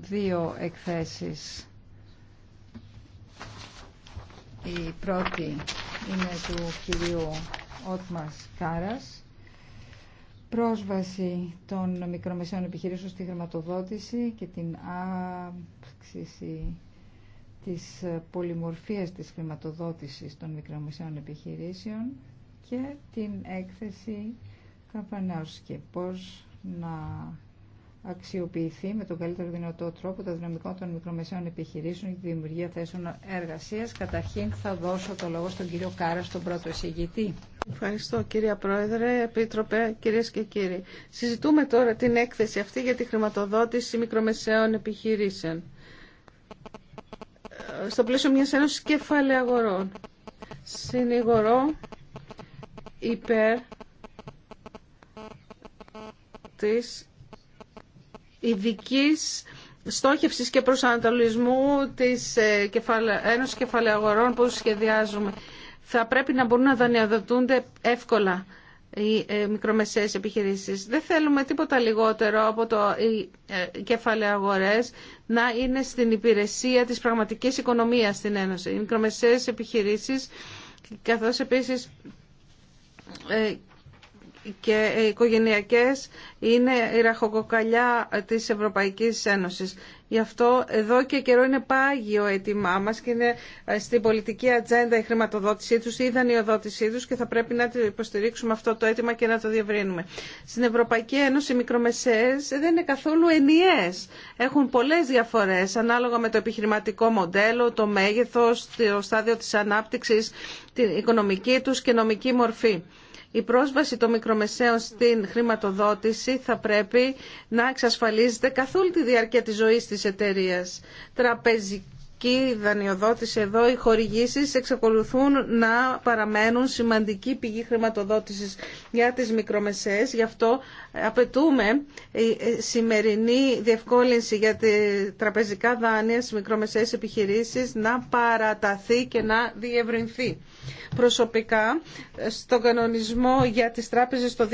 δύο εκθέσεις. Η πρώτη είναι του κυρίου Ότμας Κάρας. Πρόσβαση των μικρομεσαίων επιχειρήσεων στη χρηματοδότηση και την αύξηση της πολυμορφίας της χρηματοδότησης των μικρομεσαίων επιχειρήσεων και την έκθεση Καπανάους και πώς να αξιοποιηθεί με τον καλύτερο δυνατό τρόπο το δυναμικό των μικρομεσαίων επιχειρήσεων για τη δημιουργία θέσεων εργασία. Καταρχήν θα δώσω το λόγο στον κύριο Κάρα, στον πρώτο εισηγητή. Ευχαριστώ κύριε Πρόεδρε, Επίτροπε, κυρίες και κύριοι. Συζητούμε τώρα την έκθεση αυτή για τη χρηματοδότηση μικρομεσαίων επιχειρήσεων ε, στο πλαίσιο μιας ένωσης κεφάλαια αγορών. Συνηγορώ υπέρ της ειδική στόχευσης και προσανατολισμού της ε, Ένωσης Κεφαλαιαγορών που σχεδιάζουμε. Θα πρέπει να μπορούν να δανειοδοτούνται εύκολα οι ε, μικρομεσαίες επιχειρήσεις. Δεν θέλουμε τίποτα λιγότερο από το οι ε, αγορές να είναι στην υπηρεσία της πραγματικής οικονομίας στην Ένωση. Οι μικρομεσαίες επιχειρήσεις καθώς επίσης και οικογενειακές είναι η ραχοκοκαλιά της Ευρωπαϊκής Ένωσης. Γι' αυτό εδώ και καιρό είναι πάγιο έτοιμά μας και είναι ε, στην πολιτική ατζέντα η χρηματοδότησή τους, η δανειοδότησή τους και θα πρέπει να υποστηρίξουμε αυτό το αίτημα και να το διευρύνουμε. Στην Ευρωπαϊκή Ένωση οι μικρομεσαίες δεν είναι καθόλου ενιαίες. Έχουν πολλές διαφορές ανάλογα με το επιχειρηματικό μοντέλο, το μέγεθος, το στάδιο της ανάπτυξης, την οικονομική τους και νομική μορφή η πρόσβαση των μικρομεσαίων στην χρηματοδότηση θα πρέπει να εξασφαλίζεται καθ' όλη τη διάρκεια της ζωής της εταιρείας η δανειοδότηση εδώ, οι χορηγήσει εξακολουθούν να παραμένουν σημαντική πηγή χρηματοδότηση για τι μικρομεσαίες. Γι' αυτό απαιτούμε η σημερινή διευκόλυνση για τραπεζικά δάνεια στι μικρομεσαίες επιχειρήσει να παραταθεί και να διευρυνθεί. Προσωπικά, στον κανονισμό για τις τράπεζες το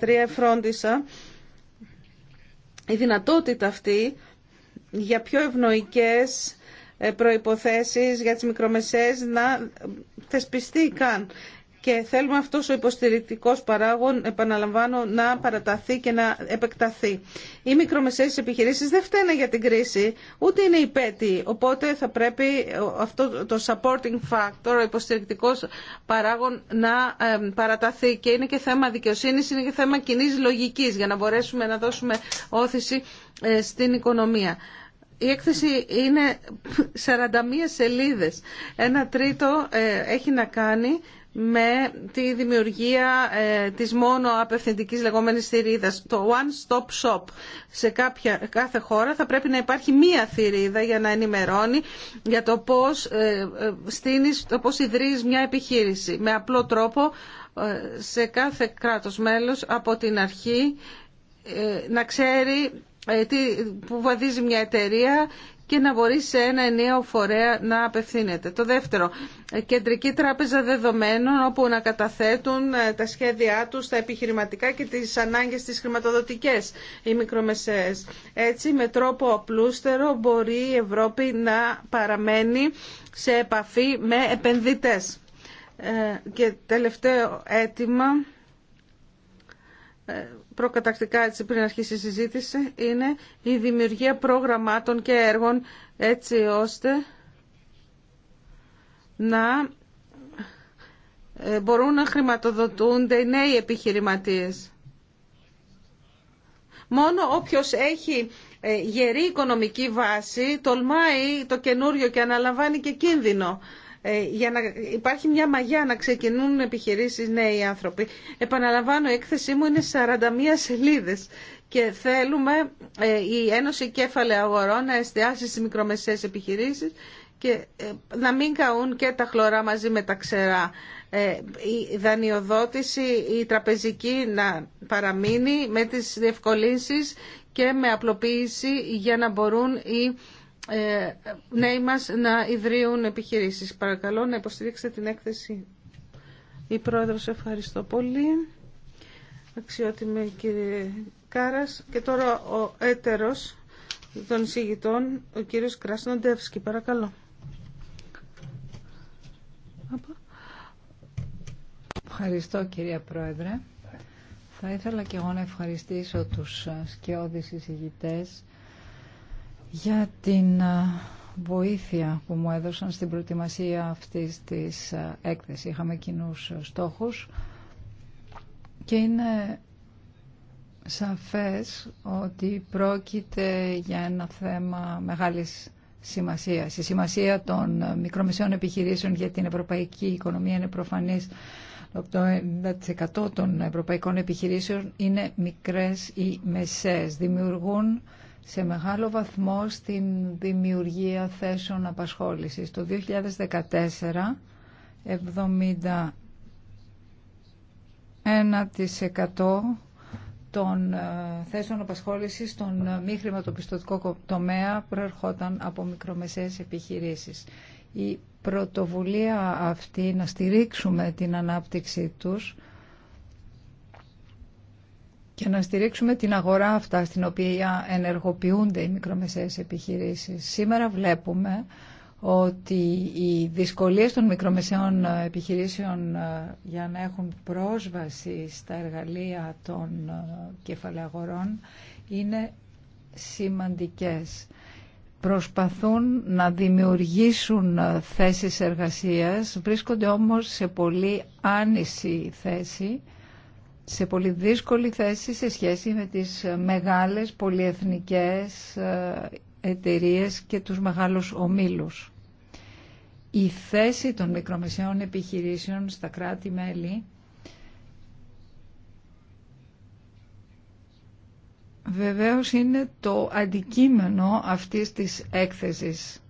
2013 φρόντισα η δυνατότητα αυτή για πιο ευνοϊκές ε, προϋποθέσεις για τις μικρομεσαίες να θεσπιστεί καν. Και θέλουμε αυτός ο υποστηρικτικός παράγων, επαναλαμβάνω, να παραταθεί και να επεκταθεί. Οι μικρομεσαίες επιχειρήσεις δεν φταίνε για την κρίση, ούτε είναι υπέτη. Οπότε θα πρέπει ε, αυτό το supporting factor, ο υποστηρικτικός παράγων, να ε, παραταθεί. Και είναι και θέμα δικαιοσύνης, είναι και θέμα κοινή λογικής, για να μπορέσουμε να δώσουμε όθηση στην οικονομία η έκθεση είναι 41 σελίδες. Ένα τρίτο ε, έχει να κάνει με τη δημιουργία ε, της μόνο απευθυντικής λεγόμενης θηρίδας, το one-stop shop. Σε κάποια, κάθε χώρα θα πρέπει να υπάρχει μία θηρίδα για να ενημερώνει για το πώς, ε, στήνεις, το πώς ιδρύεις μια επιχείρηση. Με απλό τρόπο σε κάθε κράτος μέλος από την αρχή να ξέρει ε, που βαδίζει μια εταιρεία και να μπορεί σε ένα ενιαίο φορέα να απευθύνεται. Το δεύτερο, ε, κεντρική τράπεζα δεδομένων όπου να καταθέτουν ε, τα σχέδιά τους, τα επιχειρηματικά και τις ανάγκες της χρηματοδοτικές οι μικρομεσαίες. Έτσι με τρόπο απλούστερο μπορεί η Ευρώπη να παραμένει σε επαφή με επενδυτές. Και τελευταίο αίτημα προκατακτικά έτσι πριν αρχίσει η συζήτηση, είναι η δημιουργία προγραμμάτων και έργων έτσι ώστε να ε, μπορούν να χρηματοδοτούνται οι νέοι επιχειρηματίες. Μόνο όποιος έχει ε, γερή οικονομική βάση τολμάει το καινούριο και αναλαμβάνει και κίνδυνο. Ε, για να υπάρχει μια μαγιά να ξεκινούν επιχειρήσεις νέοι άνθρωποι. Επαναλαμβάνω, η έκθεσή μου είναι 41 σελίδες και θέλουμε ε, η Ένωση κέφαλε Αγορών να εστιάσει στις μικρομεσαίες επιχειρήσεις και ε, να μην καούν και τα χλωρά μαζί με τα ξερά. Η δανειοδότηση, η τραπεζική να παραμείνει με τις διευκολύνσεις και με απλοποίηση για να μπορούν οι ε, νέοι μας να ιδρύουν επιχειρήσεις. Παρακαλώ να υποστηρίξετε την έκθεση. Η Πρόεδρος, ευχαριστώ πολύ. Αξιότιμη κύριε Κάρας. Και τώρα ο έτερος των συγητών, ο κύριος Κρασνοντεύσκη. Παρακαλώ. Ευχαριστώ κυρία Πρόεδρε. Θα ήθελα και εγώ να ευχαριστήσω τους σκιώδεις εισηγητές για την βοήθεια που μου έδωσαν στην προετοιμασία αυτής της έκθεσης. Είχαμε κοινού στόχους και είναι σαφές ότι πρόκειται για ένα θέμα μεγάλης σημασίας. Η σημασία των μικρομεσαίων επιχειρήσεων για την ευρωπαϊκή οικονομία είναι προφανής. Το 90% των ευρωπαϊκών επιχειρήσεων είναι μικρές ή μεσαίες. Δημιουργούν σε μεγάλο βαθμό στην δημιουργία θέσεων απασχόλησης. Το 2014, 71% των ε, θέσεων απασχόλησης στον ε, μη χρηματοπιστωτικό τομέα προερχόταν από μικρομεσαίες επιχειρήσεις. Η πρωτοβουλία αυτή να στηρίξουμε την ανάπτυξη τους και να στηρίξουμε την αγορά αυτά στην οποία ενεργοποιούνται οι μικρομεσαίες επιχειρήσεις. Σήμερα βλέπουμε ότι οι δυσκολίες των μικρομεσαίων επιχειρήσεων ε, για να έχουν πρόσβαση στα εργαλεία των ε, κεφαλαγορών είναι σημαντικές. Προσπαθούν να δημιουργήσουν ε, θέσεις εργασίας, βρίσκονται όμως σε πολύ άνηση θέση σε πολύ δύσκολη θέση σε σχέση με τις μεγάλες πολυεθνικές ε, εταιρείες και τους μεγάλους ομίλους. Η θέση των μικρομεσαίων επιχειρήσεων στα κράτη-μέλη βεβαίως είναι το αντικείμενο αυτής της έκθεσης.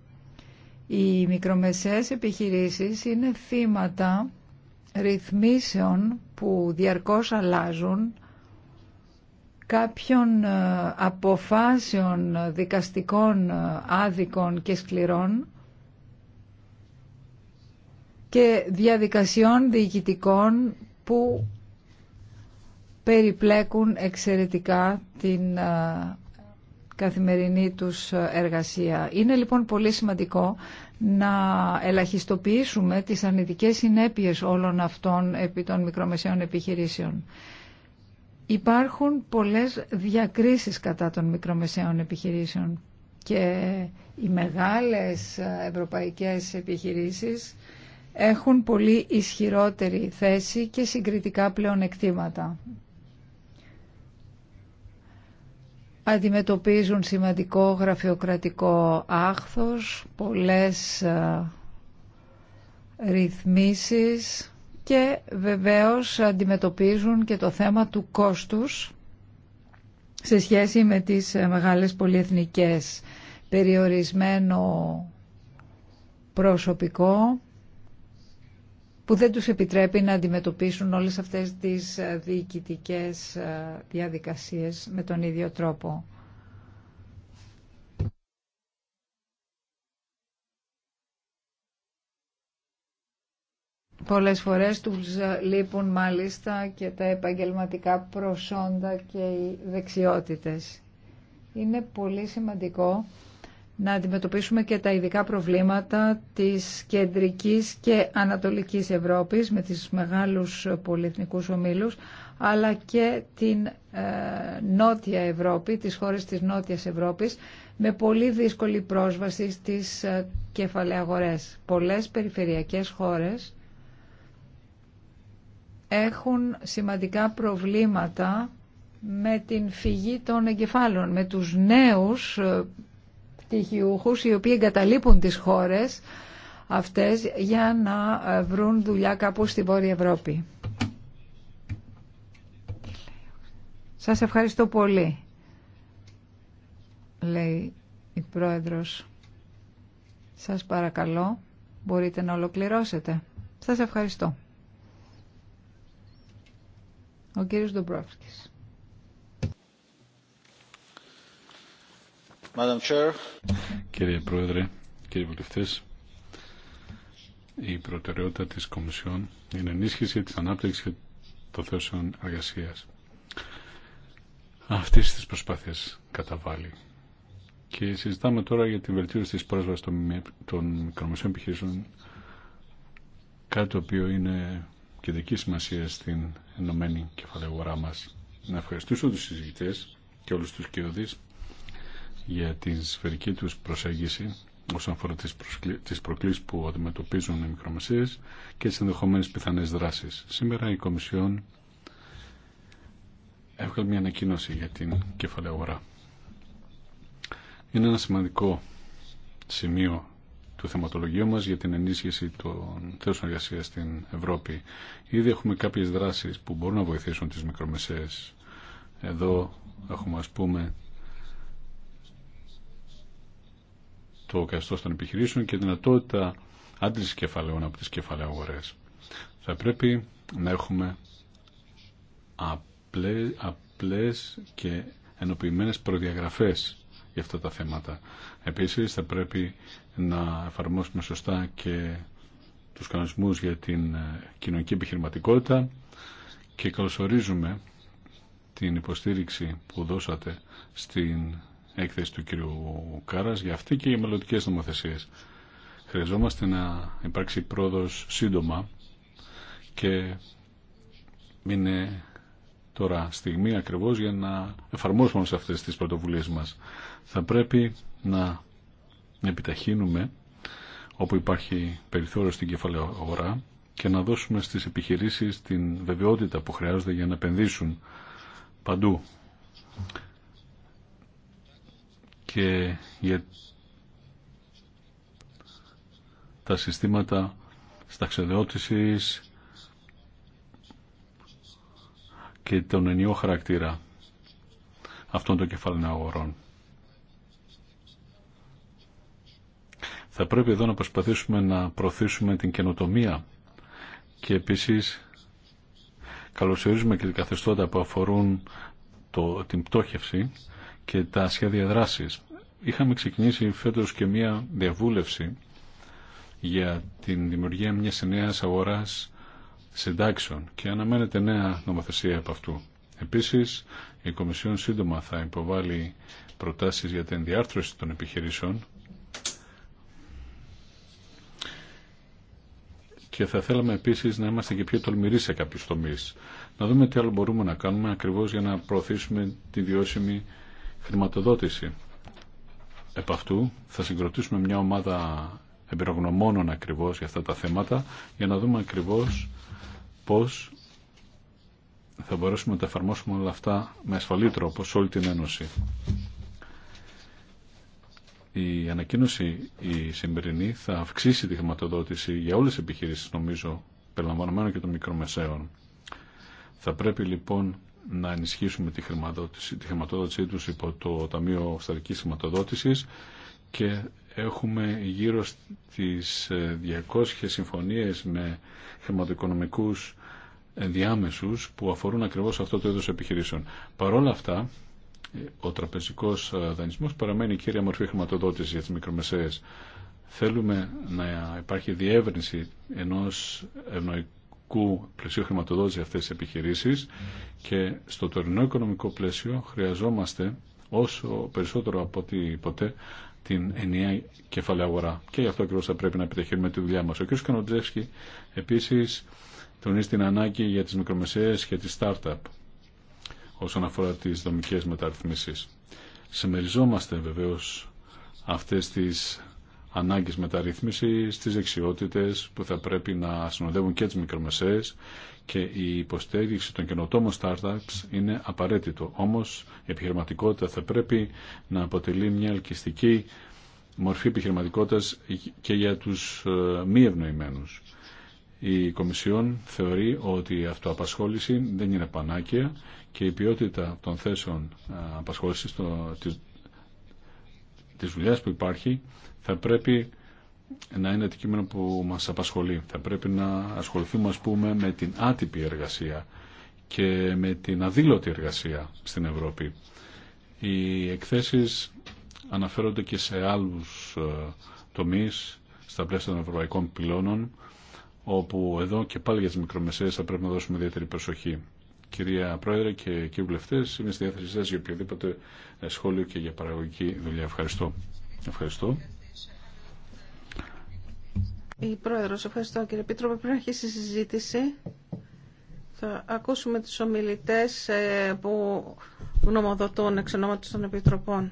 Οι μικρομεσαίες επιχειρήσεις είναι θύματα ρυθμίσεων που διαρκώς αλλάζουν κάποιων ε, αποφάσεων δικαστικών ε, άδικων και σκληρών και διαδικασιών διοικητικών που περιπλέκουν εξαιρετικά την ε, καθημερινή τους εργασία. Είναι λοιπόν πολύ σημαντικό να ελαχιστοποιήσουμε τις αρνητικές συνέπειες όλων αυτών επί των μικρομεσαίων επιχειρήσεων. Υπάρχουν πολλές διακρίσεις κατά των μικρομεσαίων επιχειρήσεων και οι μεγάλες ευρωπαϊκές επιχειρήσεις έχουν πολύ ισχυρότερη θέση και συγκριτικά πλεονεκτήματα. αντιμετωπίζουν σημαντικό γραφειοκρατικό άχθος, πολλές ε, ρυθμίσεις και βεβαίως αντιμετωπίζουν και το θέμα του κόστους σε σχέση με τις ε, μεγάλες πολυεθνικές περιορισμένο προσωπικό που δεν τους επιτρέπει να αντιμετωπίσουν όλες αυτές τις ε, διοικητικέ ε, διαδικασίες με τον ίδιο τρόπο. Πολλές φορές τους ε, λείπουν μάλιστα και τα επαγγελματικά προσόντα και οι δεξιότητες. Είναι πολύ σημαντικό να αντιμετωπίσουμε και τα ειδικά προβλήματα της κεντρικής και ανατολικής Ευρώπης με τις μεγάλους πολυεθνικούς ομίλους αλλά και την ε, Νότια Ευρώπη, τις χώρες της Νότιας Ευρώπης με πολύ δύσκολη πρόσβαση στις ε, κεφαλαίες Πολλές περιφερειακές χώρες έχουν σημαντικά προβλήματα με την φυγή των εγκεφάλων, με τους νέους ε, πτυχιούχους οι οποίοι εγκαταλείπουν τις χώρες αυτές για να ε, βρουν δουλειά κάπου στη Βόρεια Ευρώπη. Σας ευχαριστώ πολύ, λέει η Πρόεδρος. Σας παρακαλώ, μπορείτε να ολοκληρώσετε. Σας ευχαριστώ. Ο κύριος Ντομπρόφσκης. Κύριε Πρόεδρε, κύριοι Βουλευτέ, η προτεραιότητα της Κομισιόν είναι ενίσχυση της ανάπτυξης και των θέσεων εργασίας. Αυτέ τις προσπάθειες καταβάλει. Και συζητάμε τώρα για την βελτίωση της πρόσβασης των μικρομεσαίων επιχειρήσεων, κάτι το οποίο είναι κεντρική σημασία στην ενωμένη αγορά μας. Να ευχαριστήσω τους συζητητές και όλους τους κοιοδείς για τη σφαιρική τους προσέγγιση όσον αφορά τις, προκλήσεις που αντιμετωπίζουν οι μικρομεσαίες και τις ενδεχομένες πιθανές δράσεις. Σήμερα η Κομισιόν έβγαλε μια ανακοίνωση για την κεφαλαία αγορά. Είναι ένα σημαντικό σημείο του θεματολογίου μας για την ενίσχυση των θέσεων εργασία στην Ευρώπη. Ήδη έχουμε κάποιες δράσεις που μπορούν να βοηθήσουν τις μικρομεσαίες. Εδώ έχουμε ας πούμε το καθεστώ των επιχειρήσεων και δυνατότητα άντληση κεφαλαίων από τι κεφαλαίε Θα πρέπει να έχουμε απλέ απλές και ενοποιημένες προδιαγραφές για αυτά τα θέματα. Επίσης θα πρέπει να εφαρμόσουμε σωστά και τους κανονισμούς για την ε, κοινωνική επιχειρηματικότητα και καλωσορίζουμε την υποστήριξη που δώσατε στην έκθεση του κύριου Κάρας για αυτή και για μελλοντικέ νομοθεσίε. Χρειαζόμαστε να υπάρξει πρόοδο σύντομα και είναι τώρα στιγμή ακριβώ για να εφαρμόσουμε σε αυτές τις πρωτοβουλίες μας. Θα πρέπει να επιταχύνουμε όπου υπάρχει περιθώριο στην κεφαλαία αγορά και να δώσουμε στις επιχειρήσεις την βεβαιότητα που χρειάζονται για να επενδύσουν παντού και για τα συστήματα σταξιδεώτησης και τον ενίο χαρακτήρα αυτών των κεφαλαίων αγορών. Θα πρέπει εδώ να προσπαθήσουμε να προωθήσουμε την καινοτομία και επίσης καλωσορίζουμε και την καθεστώτα που αφορούν το, την πτώχευση και τα σχέδια δράσης. Είχαμε ξεκινήσει φέτος και μία διαβούλευση για την δημιουργία μιας νέας αγοράς συντάξεων και αναμένεται νέα νομοθεσία από αυτού. Επίσης, η Κομισιόν σύντομα θα υποβάλει προτάσεις για την διάρθρωση των επιχειρήσεων και θα θέλαμε επίσης να είμαστε και πιο τολμηροί σε κάποιους τομείς. Να δούμε τι άλλο μπορούμε να κάνουμε ακριβώς για να προωθήσουμε τη βιώσιμη χρηματοδότηση. Επ' αυτού θα συγκροτήσουμε μια ομάδα εμπειρογνωμόνων ακριβώς για αυτά τα θέματα για να δούμε ακριβώς πώς θα μπορέσουμε να τα εφαρμόσουμε όλα αυτά με ασφαλή τρόπο σε όλη την Ένωση. Η ανακοίνωση η σημερινή θα αυξήσει τη χρηματοδότηση για όλες τις επιχειρήσεις νομίζω περιλαμβανομένων και των μικρομεσαίων. Θα πρέπει λοιπόν να ενισχύσουμε τη χρηματοδότηση, τη χρηματοδότησή τους υπό το Ταμείο Αυσταρικής Χρηματοδότησης και έχουμε γύρω στις 200 ε, συμφωνίες με χρηματοοικονομικούς διάμεσους που αφορούν ακριβώς αυτό το είδος επιχειρήσεων. Παρόλα αυτά, ο τραπεζικός ε, δανεισμός παραμένει η κύρια μορφή χρηματοδότησης για τις μικρομεσαίες. Θέλουμε να υπάρχει διεύρυνση ενός ευνοϊκού οικονομικού πλαισίου χρηματοδότηση αυτές τις επιχειρήσεις και στο τωρινό οικονομικό πλαίσιο χρειαζόμαστε όσο περισσότερο από ό,τι ποτέ την ενιαία κεφαλαία αγορά. Και γι' αυτό ακριβώ θα πρέπει να επιταχύνουμε τη δουλειά μα. Ο κ. Κανοντζεύσκη επίση τονίζει την ανάγκη για τι μικρομεσαίες και τι startup όσον αφορά τι δομικέ μεταρρυθμίσει. Συμμεριζόμαστε βεβαίω αυτές τις ανάγκης μεταρρύθμιση στις δεξιότητε που θα πρέπει να συνοδεύουν και τι μικρομεσαίες και η υποστήριξη των καινοτόμων startups είναι απαραίτητο. Όμως η επιχειρηματικότητα θα πρέπει να αποτελεί μια ελκυστική μορφή επιχειρηματικότητα και για τους ε, μη ευνοημένους. Η Κομισιόν θεωρεί ότι η αυτοαπασχόληση δεν είναι πανάκια και η ποιότητα των θέσεων ε, απασχόλησης της δουλειάς που υπάρχει θα πρέπει να είναι αντικείμενο που μας απασχολεί. Θα πρέπει να ασχοληθούμε, ας πούμε, με την άτυπη εργασία και με την αδήλωτη εργασία στην Ευρώπη. Οι εκθέσεις αναφέρονται και σε άλλους ε, τομείς στα πλαίσια των ευρωπαϊκών πυλώνων όπου εδώ και πάλι για τις μικρομεσαίες θα πρέπει να δώσουμε ιδιαίτερη προσοχή. Κυρία Πρόεδρε και κύριοι βουλευτές, είμαι στη διάθεσή σας για οποιοδήποτε ε, σχόλιο και για παραγωγική δουλειά. Ευχαριστώ. Ευχαριστώ. Η Πρόεδρος, ευχαριστώ κύριε Πίτροπε. Πριν αρχίσει η συζήτηση, θα ακούσουμε τους ομιλητές ε, που γνωμοδοτούν εξ ονόματος των Επιτροπών.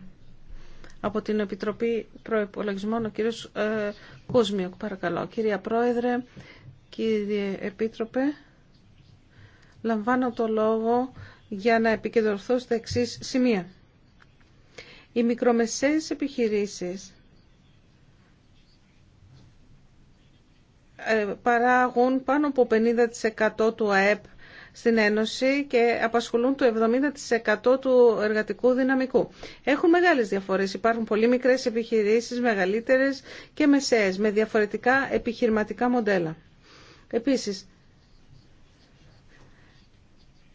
Από την Επιτροπή Προεπολογισμών, ο κύριος ε, Κούσμιουκ, παρακαλώ. Κυρία Πρόεδρε, κύριε Επίτροπε, λαμβάνω το λόγο για να επικεντρωθώ στα εξή σημεία. Οι μικρομεσαίες επιχειρήσεις Ε, παράγουν πάνω από 50% του ΑΕΠ στην Ένωση και απασχολούν το 70% του εργατικού δυναμικού. Έχουν μεγάλες διαφορές. Υπάρχουν πολύ μικρές επιχειρήσεις, μεγαλύτερες και μεσαίες, με διαφορετικά επιχειρηματικά μοντέλα. Επίσης,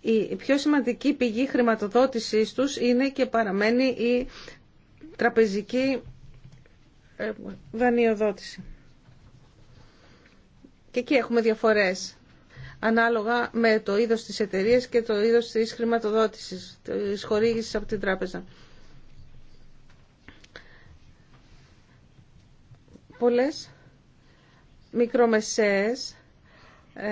η πιο σημαντική πηγή χρηματοδότησής τους είναι και παραμένει η τραπεζική ε, δανειοδότηση. Και εκεί έχουμε διαφορές ανάλογα με το είδος της εταιρεία και το είδος της χρηματοδότησης, της χορήγησης από την τράπεζα. Πολλές μικρομεσαίες ε,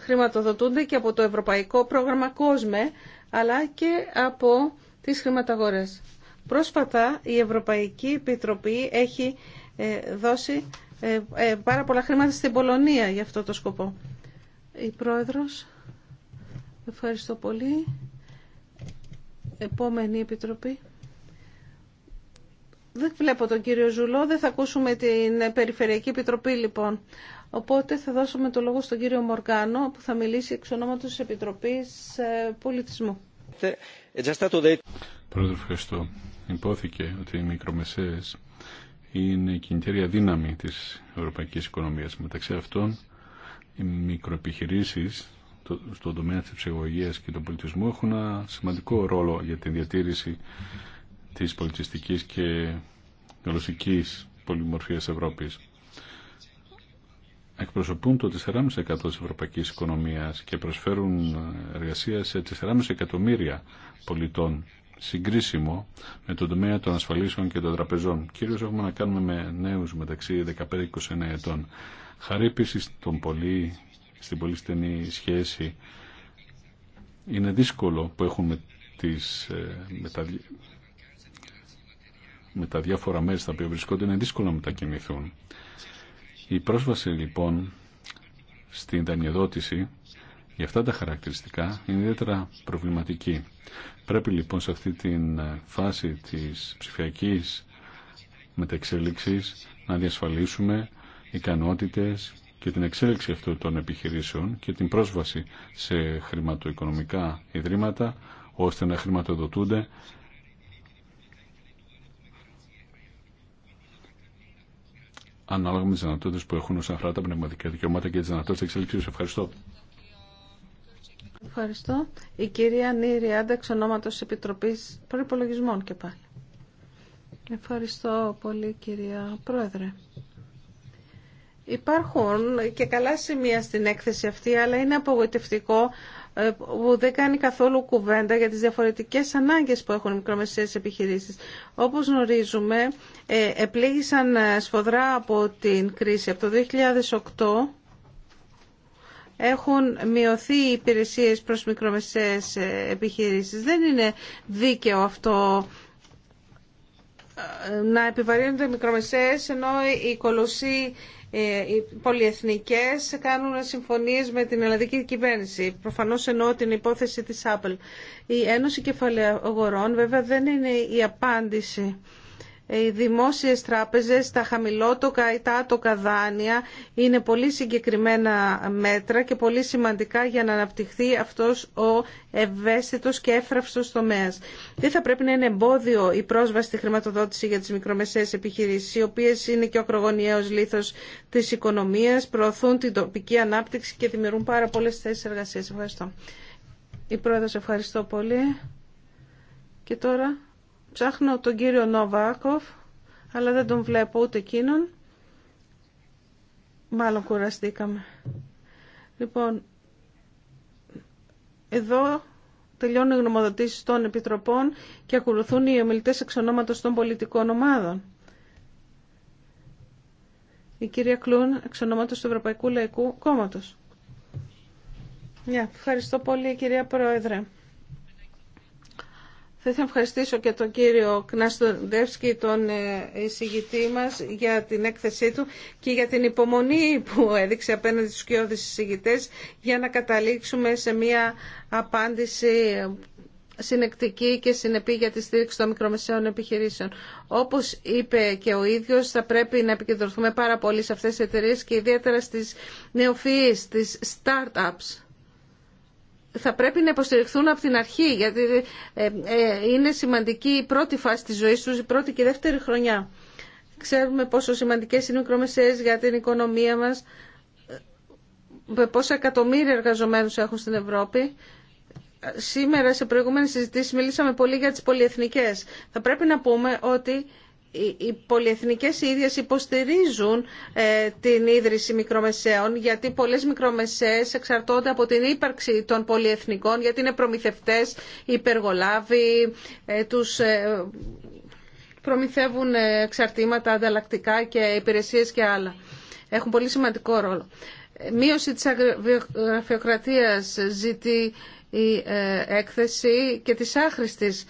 χρηματοδοτούνται και από το Ευρωπαϊκό Πρόγραμμα Κόσμε αλλά και από τις χρηματαγορές. Πρόσφατα η Ευρωπαϊκή Επιτροπή έχει ε, δώσει ε, ε, πάρα πολλά χρήματα στην Πολωνία για αυτό το σκοπό. Η Πρόεδρος, ευχαριστώ πολύ. Επόμενη Επιτροπή. Δεν βλέπω τον κύριο Ζουλό, δεν θα ακούσουμε την Περιφερειακή Επιτροπή λοιπόν. Οπότε θα δώσουμε το λόγο στον κύριο Μοργάνο που θα μιλήσει εξ ονόματος της Επιτροπής ε, Πολιτισμού. Πρόεδρο, ευχαριστώ. Υπόθηκε ότι οι μικρομεσαίες είναι η κινητήρια δύναμη της ευρωπαϊκής οικονομίας. Μεταξύ αυτών, οι μικροεπιχειρήσεις στον τομέα της ψυχολογίας και του πολιτισμού έχουν ένα σημαντικό ρόλο για την διατήρηση της πολιτιστικής και γλωσσικής πολυμορφίας Ευρώπης. Εκπροσωπούν το 4,5% της ευρωπαϊκής οικονομίας και προσφέρουν εργασία σε 4,5 εκατομμύρια πολιτών συγκρίσιμο με τον τομέα των ασφαλίσεων και των τραπεζών. Κυρίως έχουμε να κάνουμε με νέους μεταξύ 15-29 ετών. Χαρή επίση στην πολύ στενή σχέση είναι δύσκολο που έχουμε τις, ε, με, τα, με τα διάφορα μέρη στα οποία βρισκόνται είναι δύσκολο να μετακινηθούν. Η πρόσβαση λοιπόν στην δανειοδότηση για αυτά τα χαρακτηριστικά είναι ιδιαίτερα προβληματική. Πρέπει λοιπόν σε αυτή τη ε, φάση της ψηφιακής μεταξέλιξης να διασφαλίσουμε ικανότητες και την εξέλιξη αυτών των επιχειρήσεων και την πρόσβαση σε χρηματοοικονομικά ιδρύματα ώστε να χρηματοδοτούνται ανάλογα με τι δυνατότητε που έχουν όσον αφορά τα πνευματικά δικαιώματα και τι δυνατότητε εξέλιξη. Ευχαριστώ. Ευχαριστώ. Η κυρία Νίρη Άνταξ, ονόματος Επιτροπής Προϋπολογισμών και πάλι. Ευχαριστώ πολύ κυρία Πρόεδρε. Υπάρχουν και καλά σημεία στην έκθεση αυτή, αλλά είναι απογοητευτικό ε, που δεν κάνει καθόλου κουβέντα για τις διαφορετικές ανάγκες που έχουν οι μικρομεσαίες επιχειρήσεις. Όπως γνωρίζουμε, ε, επλήγησαν ε, σφοδρά από την κρίση. Από το 2008 έχουν μειωθεί οι υπηρεσίες προς μικρομεσαίες ε, επιχειρήσεις. Δεν είναι δίκαιο αυτό ε, να επιβαρύνονται μικρομεσαίες ενώ οι κολοσσοί ε, οι πολυεθνικές κάνουν συμφωνίες με την ελλαδική κυβέρνηση. Προφανώς εννοώ την υπόθεση της Apple. Η Ένωση Κεφαλαίου Αγορών βέβαια δεν είναι η απάντηση ε, οι δημόσιες τράπεζες, τα χαμηλότοκα ή τα άτοκα δάνεια είναι πολύ συγκεκριμένα μέτρα και πολύ σημαντικά για να αναπτυχθεί αυτός ο ευαίσθητος και έφραυστος τομέας. Δεν θα πρέπει να είναι εμπόδιο η πρόσβαση στη χρηματοδότηση για τις μικρομεσαίες επιχειρήσεις, οι οποίες είναι και ο ακρογωνιαίος λίθος της οικονομίας, προωθούν την τοπική ανάπτυξη και δημιουργούν πάρα πολλές θέσεις εργασίας. Ευχαριστώ. Η Πρόεδρος, ευχαριστώ πολύ. Και τώρα... Ψάχνω τον κύριο Νόβακοφ, αλλά δεν τον βλέπω ούτε εκείνον. Μάλλον κουραστήκαμε. Λοιπόν, εδώ τελειώνουν οι γνωμοδοτήσεις των επιτροπών και ακολουθούν οι ομιλητέ εξ ονόματος των πολιτικών ομάδων. Η κυρία Κλούν, εξ του Ευρωπαϊκού Λαϊκού Κόμματος. ευχαριστώ πολύ κυρία Πρόεδρε. Θα ήθελα να ευχαριστήσω και τον κύριο Κνάστοντεύσκη, τον ε, εισηγητή μας, για την έκθεσή του και για την υπομονή που έδειξε απέναντι στους κοιόδης εισηγητές για να καταλήξουμε σε μια απάντηση συνεκτική και συνεπή για τη στήριξη των μικρομεσαίων επιχειρήσεων. Όπως είπε και ο ίδιος, θα πρέπει να επικεντρωθούμε πάρα πολύ σε αυτές τις εταιρείες και ιδιαίτερα στις νεοφυείς, στις startups θα πρέπει να υποστηριχθούν από την αρχή, γιατί ε, ε, είναι σημαντική η πρώτη φάση της ζωής τους, η πρώτη και η δεύτερη χρονιά. Ξέρουμε πόσο σημαντικές είναι οι μικρομεσαίες για την οικονομία μας, ε, πόσα εκατομμύρια εργαζομένους έχουν στην Ευρώπη. Σήμερα σε προηγούμενες συζητήσεις μιλήσαμε πολύ για τις πολυεθνικές. Θα πρέπει να πούμε ότι οι πολυεθνικές οι ίδιες υποστηρίζουν ε, την ίδρυση μικρομεσαίων γιατί πολλές μικρομεσαίες εξαρτώνται από την ύπαρξη των πολυεθνικών γιατί είναι προμηθευτές, υπεργολάβοι, ε, τους ε, προμηθεύουν εξαρτήματα, ανταλλακτικά και υπηρεσίες και άλλα. Έχουν πολύ σημαντικό ρόλο. Μείωση της γραφειοκρατίας ζητεί η ε, έκθεση και της άχρηστης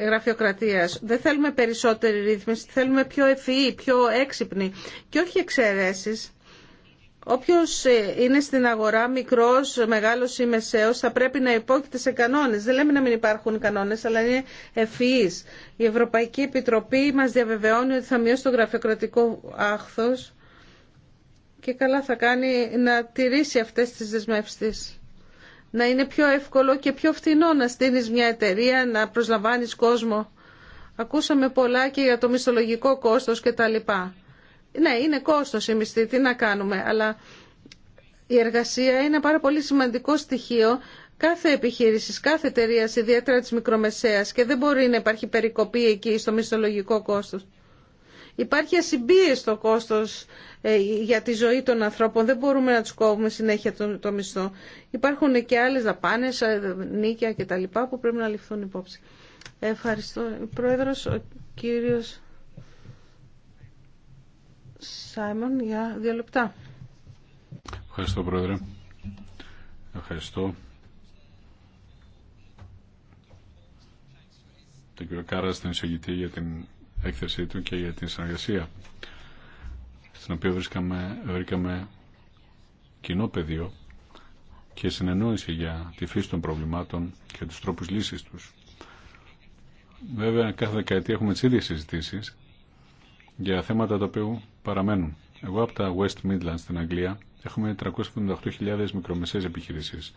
γραφειοκρατίας. Δεν θέλουμε περισσότερη ρύθμιση, θέλουμε πιο ευφυή, πιο έξυπνη και όχι εξαιρέσεις. Όποιος ε, είναι στην αγορά μικρός, μεγάλος ή μεσαίος θα πρέπει να υπόκειται σε κανόνες. Δεν λέμε να μην υπάρχουν κανόνες, αλλά είναι ευφυής. Η Ευρωπαϊκή Επιτροπή μας διαβεβαιώνει ότι θα μειώσει το γραφειοκρατικό άχθος και καλά θα κάνει να τηρήσει αυτές τις δεσμεύσεις Να είναι πιο εύκολο και πιο φθηνό να στείλεις μια εταιρεία, να προσλαμβάνεις κόσμο. Ακούσαμε πολλά και για το μισθολογικό κόστος και τα λοιπά. Ναι, είναι κόστος η μισθή, τι να κάνουμε, αλλά η εργασία είναι πάρα πολύ σημαντικό στοιχείο κάθε επιχείρησης, κάθε εταιρεία, ιδιαίτερα της μικρομεσαίας και δεν μπορεί να υπάρχει περικοπή εκεί στο μισθολογικό κόστος. Υπάρχει ασυμπίεστο κόστος ε, για τη ζωή των ανθρώπων. Δεν μπορούμε να τους κόβουμε συνέχεια το, το μισθό. Υπάρχουν και άλλες δαπάνες, ε, νίκια κτλ. που πρέπει να ληφθούν υπόψη. Ευχαριστώ. Πρόεδρος, ο κύριος Σάιμον για δύο λεπτά. Ευχαριστώ, Πρόεδρε. Ευχαριστώ. Τον κύριο Κάρα, στην την έκθεσή του και για την συνεργασία στην οποία βρίσκαμε, βρήκαμε κοινό πεδίο και συνεννόηση για τη φύση των προβλημάτων και τους τρόπους λύσης τους. Βέβαια, κάθε δεκαετία έχουμε τις ίδιες συζητήσεις για θέματα τα οποία παραμένουν. Εγώ από τα West Midlands στην Αγγλία έχουμε 378.000 μικρομεσαίες επιχειρήσεις.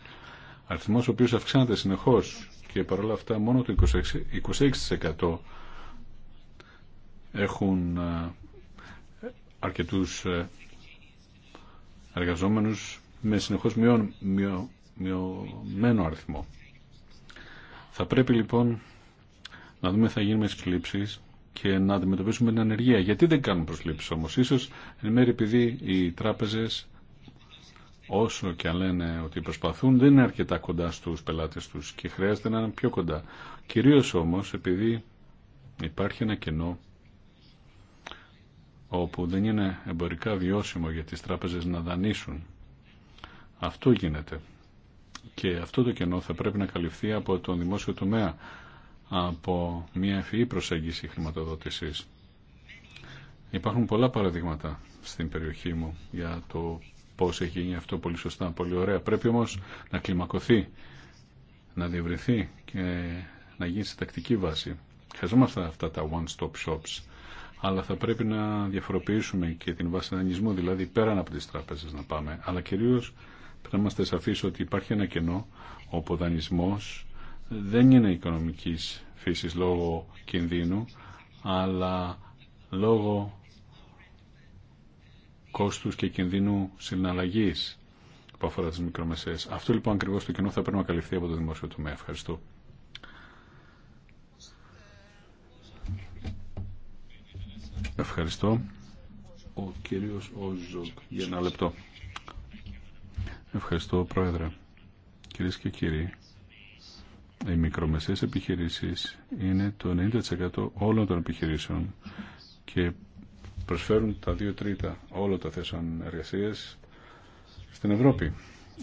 Αριθμός ο οποίος αυξάνεται συνεχώς και παρόλα αυτά μόνο το 26%, 26 έχουν ε, αρκετούς ε, εργαζόμενους με συνεχώς μειω, μειω, μειωμένο αριθμό. Θα πρέπει λοιπόν να δούμε θα γίνουμε τις και να αντιμετωπίσουμε την ανεργία. Γιατί δεν κάνουν προσλήψεις όμως. Ίσως εν μέρει επειδή οι τράπεζες όσο και αν λένε ότι προσπαθούν δεν είναι αρκετά κοντά στους πελάτες τους και χρειάζεται να είναι πιο κοντά. Κυρίως όμως επειδή υπάρχει ένα κενό όπου δεν είναι εμπορικά βιώσιμο για τις τράπεζες να δανείσουν. Αυτό γίνεται. Και αυτό το κενό θα πρέπει να καλυφθεί από τον δημόσιο τομέα, από μια ευφυή προσέγγιση χρηματοδότησης. Υπάρχουν πολλά παραδείγματα στην περιοχή μου για το πώς έχει γίνει αυτό πολύ σωστά, πολύ ωραία. Πρέπει όμως να κλιμακωθεί, να διευρυνθεί και να γίνει σε τακτική βάση. Χαζόμαστε αυτά τα one-stop shops αλλά θα πρέπει να διαφοροποιήσουμε και την βάση δανεισμού, δηλαδή πέραν από τις τράπεζες να πάμε, αλλά κυρίως πρέπει να είμαστε σαφείς ότι υπάρχει ένα κενό όπου ο δανεισμός δεν είναι οικονομικής φύσης λόγω κινδύνου, αλλά λόγω κόστους και κινδύνου συναλλαγής που αφορά τις μικρομεσαίες. Αυτό λοιπόν ακριβώς το κενό θα πρέπει να καλυφθεί από το δημόσιο τομέα. Ευχαριστώ. Ευχαριστώ. Ο κύριος Όζοκ για ένα λεπτό. Ευχαριστώ, Πρόεδρε. Κυρίε και κύριοι, οι μικρομεσαίες επιχειρήσεις είναι το 90% όλων των επιχειρήσεων και προσφέρουν τα δύο τρίτα όλων των θέσεων εργασίας στην Ευρώπη.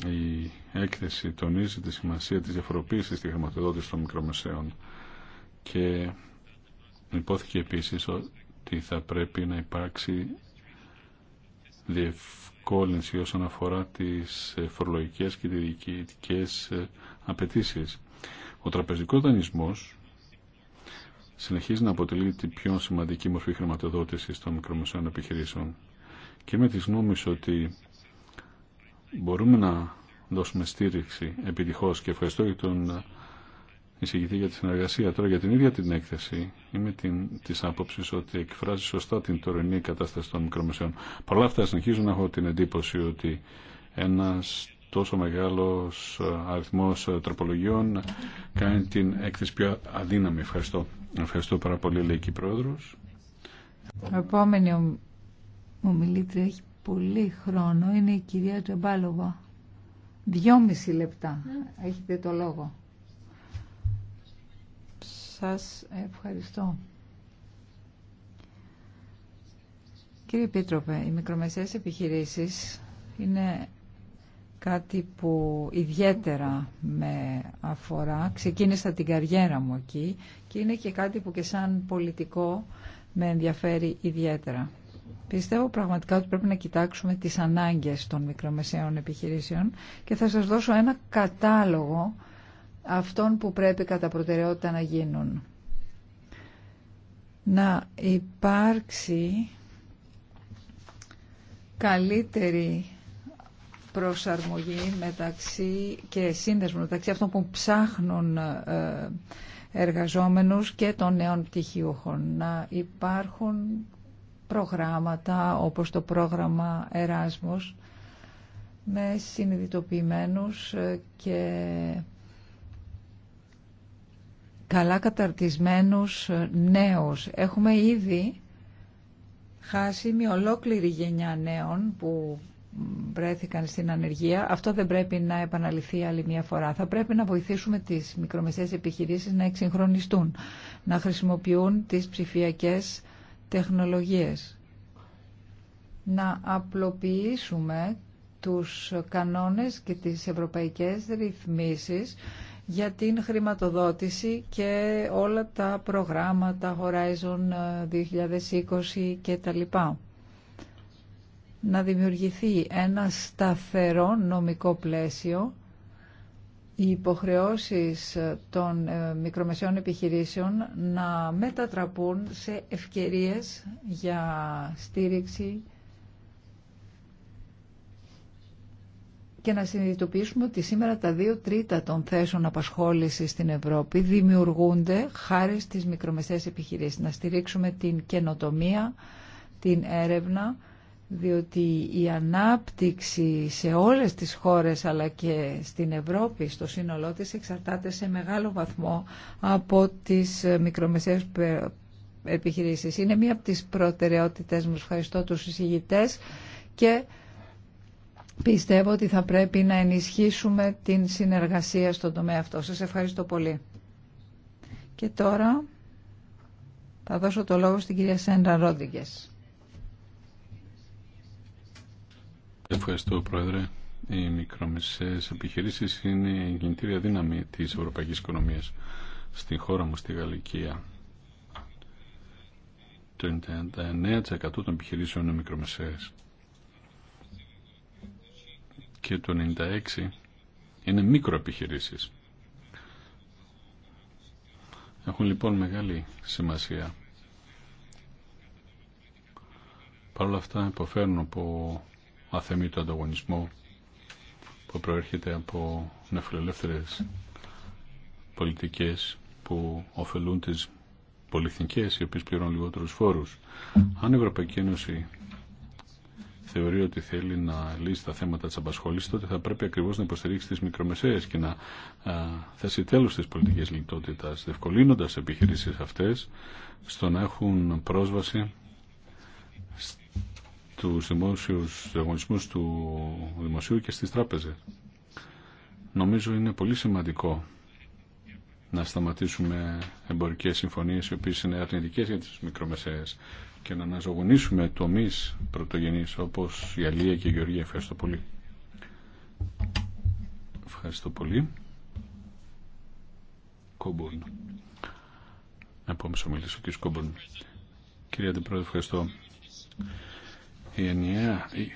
Η έκθεση τονίζει τη σημασία της διαφοροποίησης της χρηματοδότηση των μικρομεσαίων και υπόθηκε επίσης ότι θα πρέπει να υπάρξει διευκόλυνση όσον αφορά τις ε, φορολογικές και διοικητικές ε, απαιτήσεις. Ο τραπεζικός δανεισμός συνεχίζει να αποτελεί την πιο σημαντική μορφή χρηματοδότησης των μικρομεσαίων επιχειρήσεων και με τις νόμεις ότι μπορούμε να δώσουμε στήριξη επιτυχώς και ευχαριστώ για τον εισηγηθεί για τη συνεργασία. Τώρα για την ίδια την έκθεση είμαι την, της άποψης ότι εκφράζει σωστά την τωρινή κατάσταση των μικρομεσαίων. Παρ' όλα αυτά συνεχίζω να έχω την εντύπωση ότι ένας τόσο μεγάλος ε, αριθμός ε, τροπολογιών κάνει την έκθεση πιο αδύναμη. Ευχαριστώ. Ευχαριστώ πάρα πολύ, λέει και η Πρόεδρος. Επόμενη ομιλήτρια έχει πολύ χρόνο. Είναι η κυρία Τζεμπάλοβα. Δυόμιση λεπτά. Ναι. Έχετε το λόγο. Σας ευχαριστώ. Κύριε Επίτροπε, οι μικρομεσαίες επιχειρήσεις είναι κάτι που ιδιαίτερα με αφορά. Ξεκίνησα την καριέρα μου εκεί και είναι και κάτι που και σαν πολιτικό με ενδιαφέρει ιδιαίτερα. Πιστεύω πραγματικά ότι πρέπει να κοιτάξουμε τις ανάγκες των μικρομεσαίων επιχειρήσεων και θα σας δώσω ένα κατάλογο αυτών που πρέπει κατά προτεραιότητα να γίνουν. Να υπάρξει καλύτερη προσαρμογή μεταξύ και σύνδεσμο μεταξύ αυτών που ψάχνουν ε, εργαζόμενους και των νέων πτυχίουχων. Να υπάρχουν προγράμματα όπως το πρόγραμμα Εράσμος με συνειδητοποιημένους ε, και καλά καταρτισμένους ε, νέους. Έχουμε ήδη χάσει μια ολόκληρη γενιά νέων που βρέθηκαν στην ανεργία. Αυτό δεν πρέπει να επαναληφθεί άλλη μια φορά. Θα πρέπει να βοηθήσουμε τις μικρομεσαίες επιχειρήσεις να εξυγχρονιστούν, να χρησιμοποιούν τις ψηφιακές τεχνολογίες. Να απλοποιήσουμε τους κανόνες και τις ευρωπαϊκές ρυθμίσεις για την χρηματοδότηση και όλα τα προγράμματα Horizon 2020 ε, και τα λοιπά. Να δημιουργηθεί ένα σταθερό νομικό πλαίσιο οι υποχρεώσεις των ε, μικρομεσαίων επιχειρήσεων να μετατραπούν σε ευκαιρίες για στήριξη και να συνειδητοποιήσουμε ότι σήμερα τα δύο τρίτα των θέσεων απασχόλησης στην Ευρώπη δημιουργούνται χάρη στις μικρομεσαίες επιχειρήσεις. Να στηρίξουμε την καινοτομία, την έρευνα, διότι η ανάπτυξη σε όλες τις χώρες αλλά και στην Ευρώπη στο σύνολό της εξαρτάται σε μεγάλο βαθμό από τις μικρομεσαίες επιχειρήσεις. Είναι μία από τις προτεραιότητες μου. Ευχαριστώ τους συζητητές Πιστεύω ότι θα πρέπει να ενισχύσουμε την συνεργασία στον τομέα αυτό. Σας ευχαριστώ πολύ. Και τώρα θα δώσω το λόγο στην κυρία Σέντρα Ρόντιγκες. Ευχαριστώ, Πρόεδρε. Οι μικρομεσαίες επιχειρήσεις είναι η κινητήρια δύναμη της ευρωπαϊκής οικονομίας στην χώρα μου, στη Γαλλικία. Το 99% των επιχειρήσεων είναι μικρομεσαίες και το 96 είναι μικροεπιχειρήσεις. Έχουν λοιπόν μεγάλη σημασία. Παρ' όλα αυτά υποφέρουν από του ανταγωνισμού που προέρχεται από νεφιλελεύθερες πολιτικές που ωφελούν τις πολυεθνικές οι οποίες πληρώνουν λιγότερους φόρους. Αν η Ευρωπαϊκή Ένωση θεωρεί ότι θέλει να λύσει τα θέματα της απασχόλησης, τότε θα πρέπει ακριβώς να υποστηρίξει τις μικρομεσαίες και να θέσει τέλος στις πολιτικές λιτότητας, τι επιχειρήσεις αυτές στο να έχουν πρόσβαση στους δημόσιους διαγωνισμού του δημοσίου και στις τράπεζες. Νομίζω είναι πολύ σημαντικό να σταματήσουμε εμπορικές συμφωνίες οι οποίες είναι αρνητικές για τις μικρομεσαίες και να αναζωογονήσουμε τομεί πρωτογενεί όπως η Αλία και η Γεωργία. Ευχαριστώ πολύ. Ευχαριστώ πολύ. Να πω ο μιλήσω, κ. Κόμπορν. Κυρία Αντιπρόεδρε, ευχαριστώ. Η ενιαία, η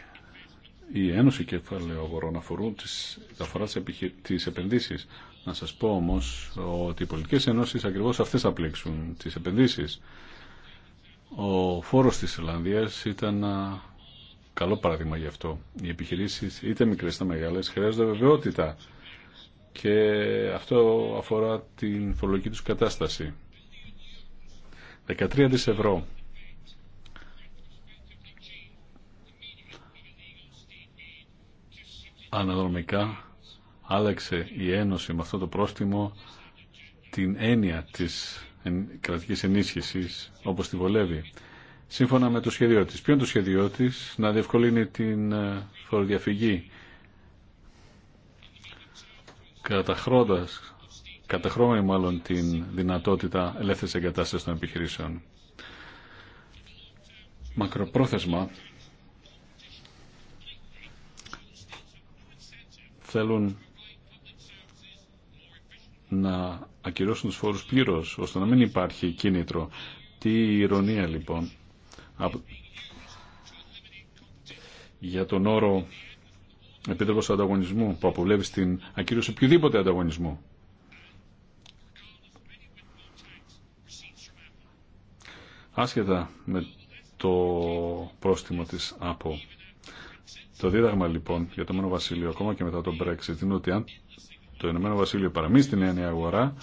η Ένωση Κεφαλαίου Αγορών αφορούν τις, αφορά τις, επιχει... τις επενδύσεις. Να σας πω όμως ότι οι πολιτικές ενώσεις ακριβώς αυτές θα πλήξουν τις επενδύσεις. Ο φόρος της Ιρλανδίας ήταν ένα καλό παράδειγμα γι' αυτό. Οι επιχειρήσεις, είτε μικρές είτε μεγάλες, χρειάζονται βεβαιότητα και αυτό αφορά την φορολογική τους κατάσταση. 13 δις ευρώ. Αναδρομικά άλλαξε η Ένωση με αυτό το πρόστιμο την έννοια της Κρατική ενίσχυση, όπως τη βολεύει σύμφωνα με το σχέδιό τη. Ποιο είναι το σχέδιό τη να διευκολύνει την ε, φοροδιαφυγή καταχρώντας, καταχρώνει μάλλον την δυνατότητα ελεύθερης εγκατάστασης των επιχειρήσεων. Μακροπρόθεσμα θέλουν να ακυρώσουν τους φόρους πλήρως, ώστε να μην υπάρχει κίνητρο. Τι ηρωνία λοιπόν για τον όρο επίτροπος ανταγωνισμού που αποβλέπει στην ακύρωση οποιοδήποτε ανταγωνισμού. Άσχετα με το πρόστιμο της από. Το δίδαγμα λοιπόν για το Μένο Βασίλειο ακόμα και μετά τον Brexit είναι ότι αν το Ηνωμένο Βασίλειο παραμείνει στην νέα αγορά,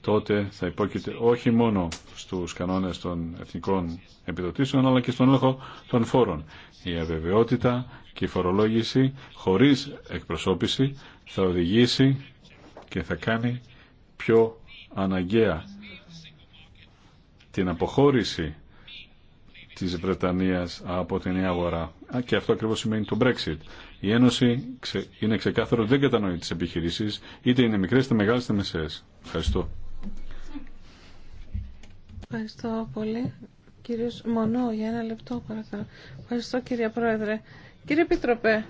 τότε θα υπόκειται όχι μόνο στους κανόνες των εθνικών επιδοτήσεων, αλλά και στον έλεγχο των φόρων. Η αβεβαιότητα και η φορολόγηση χωρίς εκπροσώπηση θα οδηγήσει και θα κάνει πιο αναγκαία την αποχώρηση της Βρετανίας από την αγορά. Και αυτό ακριβώς σημαίνει το Brexit. Η Ένωση είναι ξεκάθαρο δεν κατανοεί τις επιχειρήσεις, είτε είναι μικρές είτε μεγάλες είτε μεσαίες. Ευχαριστώ. Ευχαριστώ πολύ. Κύριος Μονό, για ένα λεπτό παρακαλώ. Ευχαριστώ κύριε Πρόεδρε. Κύριε Επιτροπέ,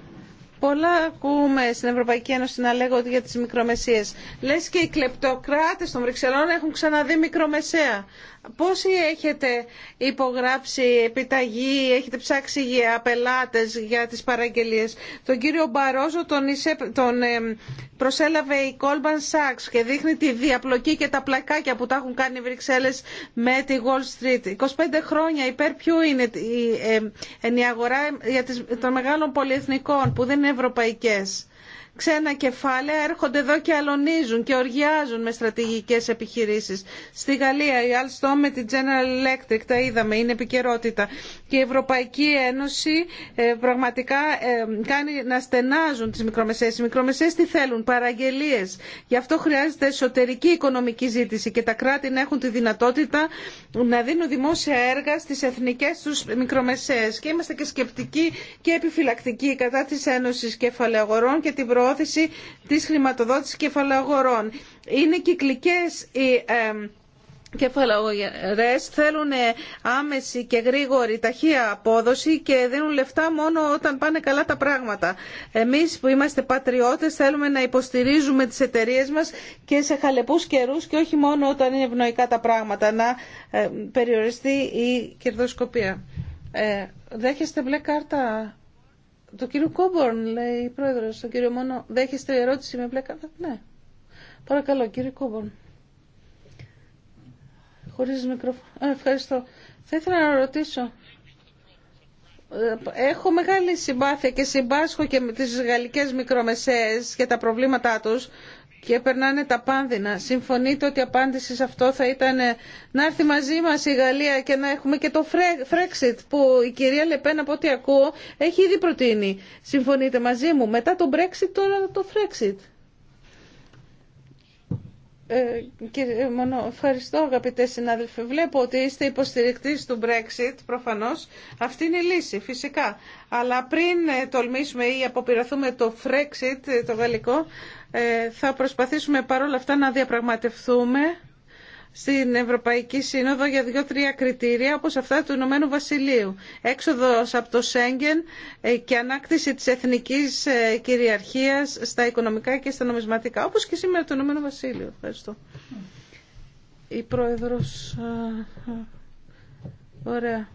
Πολλά ακούμε στην Ευρωπαϊκή Ένωση να λέγονται για τις μικρομεσίες. Λες και οι κλεπτοκράτες των Βρυξελών έχουν ξαναδεί μικρομεσαία. Πόσοι έχετε υπογράψει επιταγή, έχετε ψάξει για πελάτες για τις παραγγελίες. Τον κύριο Μπαρόζο τον, τον ε, προσέλαβε η Κόλμπαν Σάξ και δείχνει τη διαπλοκή και τα πλακάκια που τα έχουν κάνει οι Βρυξέλλες με τη Wall Street. 25 χρόνια υπέρ ποιου είναι ε, η αγορά για τις, των μεγάλων πολυεθνικών που δεν ευρωπαϊκές ξένα κεφάλαια έρχονται εδώ και αλωνίζουν και οργιάζουν με στρατηγικές επιχειρήσεις. Στη Γαλλία η Alstom με την General Electric, τα είδαμε, είναι επικαιρότητα. Και η Ευρωπαϊκή Ένωση ε, πραγματικά ε, κάνει να στενάζουν τις μικρομεσαίες. Οι μικρομεσαίες τι θέλουν, παραγγελίες. Γι' αυτό χρειάζεται εσωτερική οικονομική ζήτηση και τα κράτη να έχουν τη δυνατότητα να δίνουν δημόσια έργα στις εθνικές τους μικρομεσαίες. Και είμαστε και σκεπτικοί και επιφυλακτικοί κατά της Ένωσης Κεφαλαιογορών και την υπόθεση της χρηματοδότησης κεφαλαγορών. Είναι κυκλικές οι κεφαλαγορές, θέλουν ε, άμεση και γρήγορη ταχεία απόδοση και δίνουν λεφτά μόνο όταν πάνε καλά τα πράγματα. Εμείς που είμαστε πατριώτες θέλουμε να υποστηρίζουμε τις εταιρείε μας και σε χαλεπούς καιρούς και όχι μόνο όταν είναι ευνοϊκά τα πράγματα, να ε, περιοριστεί η κερδοσκοπία. Ε, δέχεστε μπλε κάρτα το κύριο Κόμπορν, λέει η πρόεδρος, το κύριο Μόνο, δέχεστε ερώτηση με μπλε κάρτα. Ναι. Παρακαλώ, κύριε Κόμπορν. Χωρί μικρόφωνο. Ε, ευχαριστώ. Θα ήθελα να ρωτήσω. Ε, έχω μεγάλη συμπάθεια και συμπάσχω και με τις γαλλικές μικρομεσαίες και τα προβλήματά τους και περνάνε τα πάνδυνα. Συμφωνείτε ότι η απάντηση σε αυτό θα ήταν ε, να έρθει μαζί μας η Γαλλία και να έχουμε και το Frexit που η κυρία Λεπέν από ό,τι ακούω έχει ήδη προτείνει. Συμφωνείτε μαζί μου. Μετά το Brexit τώρα το Frexit. Ε, κύριε Μονό, ευχαριστώ αγαπητέ συνάδελφοι. Βλέπω ότι είστε υποστηρικτής του Brexit, προφανώς. Αυτή είναι η λύση, φυσικά. Αλλά πριν ε, τολμήσουμε ή αποπειραθούμε το Frexit, ε, το γαλλικό, θα προσπαθήσουμε παρόλα αυτά να διαπραγματευτούμε στην Ευρωπαϊκή Σύνοδο για δύο-τρία κριτήρια όπως αυτά του Ηνωμένου Βασιλείου. Έξοδος από το Σέγγεν ε, και ανάκτηση της εθνικής ε, κυριαρχίας στα οικονομικά και στα νομισματικά, όπως και σήμερα το Ηνωμένο Βασίλειο. Ευχαριστώ. Η Πρόεδρος... Ωραία.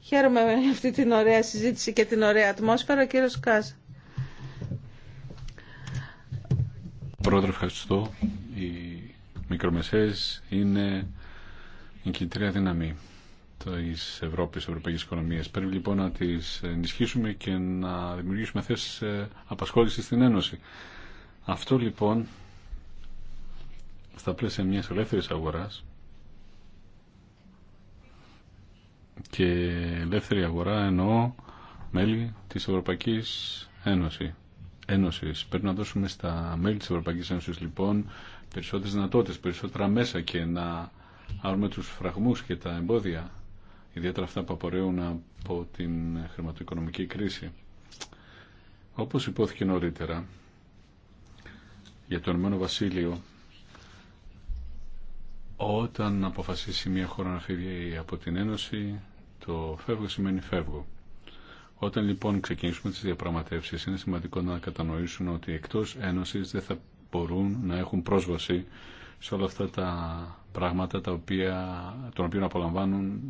Χαίρομαι με αυτή την ωραία συζήτηση και την ωραία ατμόσφαιρα, κύριος Κάζ. Πρόεδρε, ευχαριστώ. Η μικρομεσαίες είναι η κεντρία δύναμη τη Ευρώπης, της Ευρωπαϊκής Οικονομίας. Πρέπει λοιπόν να τις ενισχύσουμε και να δημιουργήσουμε θέσεις απασχόλησης στην Ένωση. Αυτό λοιπόν στα πλαίσια μια ελεύθερη αγοράς και ελεύθερη αγορά εννοώ μέλη της Ευρωπαϊκής Ένωσης. Ένωσης. Πρέπει να δώσουμε στα μέλη της Ευρωπαϊκής Ένωσης λοιπόν περισσότερες δυνατότητες, περισσότερα μέσα και να άρουμε τους φραγμούς και τα εμπόδια, ιδιαίτερα αυτά που απορρέουν από την χρηματοοικονομική κρίση. Όπως υπόθηκε νωρίτερα, για το ενωμένο Βασίλειο, όταν αποφασίσει μια χώρα να φύγει από την Ένωση, το φεύγω σημαίνει φεύγω. Όταν λοιπόν ξεκινήσουμε τις διαπραγματεύσεις είναι σημαντικό να κατανοήσουν ότι εκτός Ένωσης δεν θα μπορούν να έχουν πρόσβαση σε όλα αυτά τα πράγματα τα οποία, των οποίων απολαμβάνουν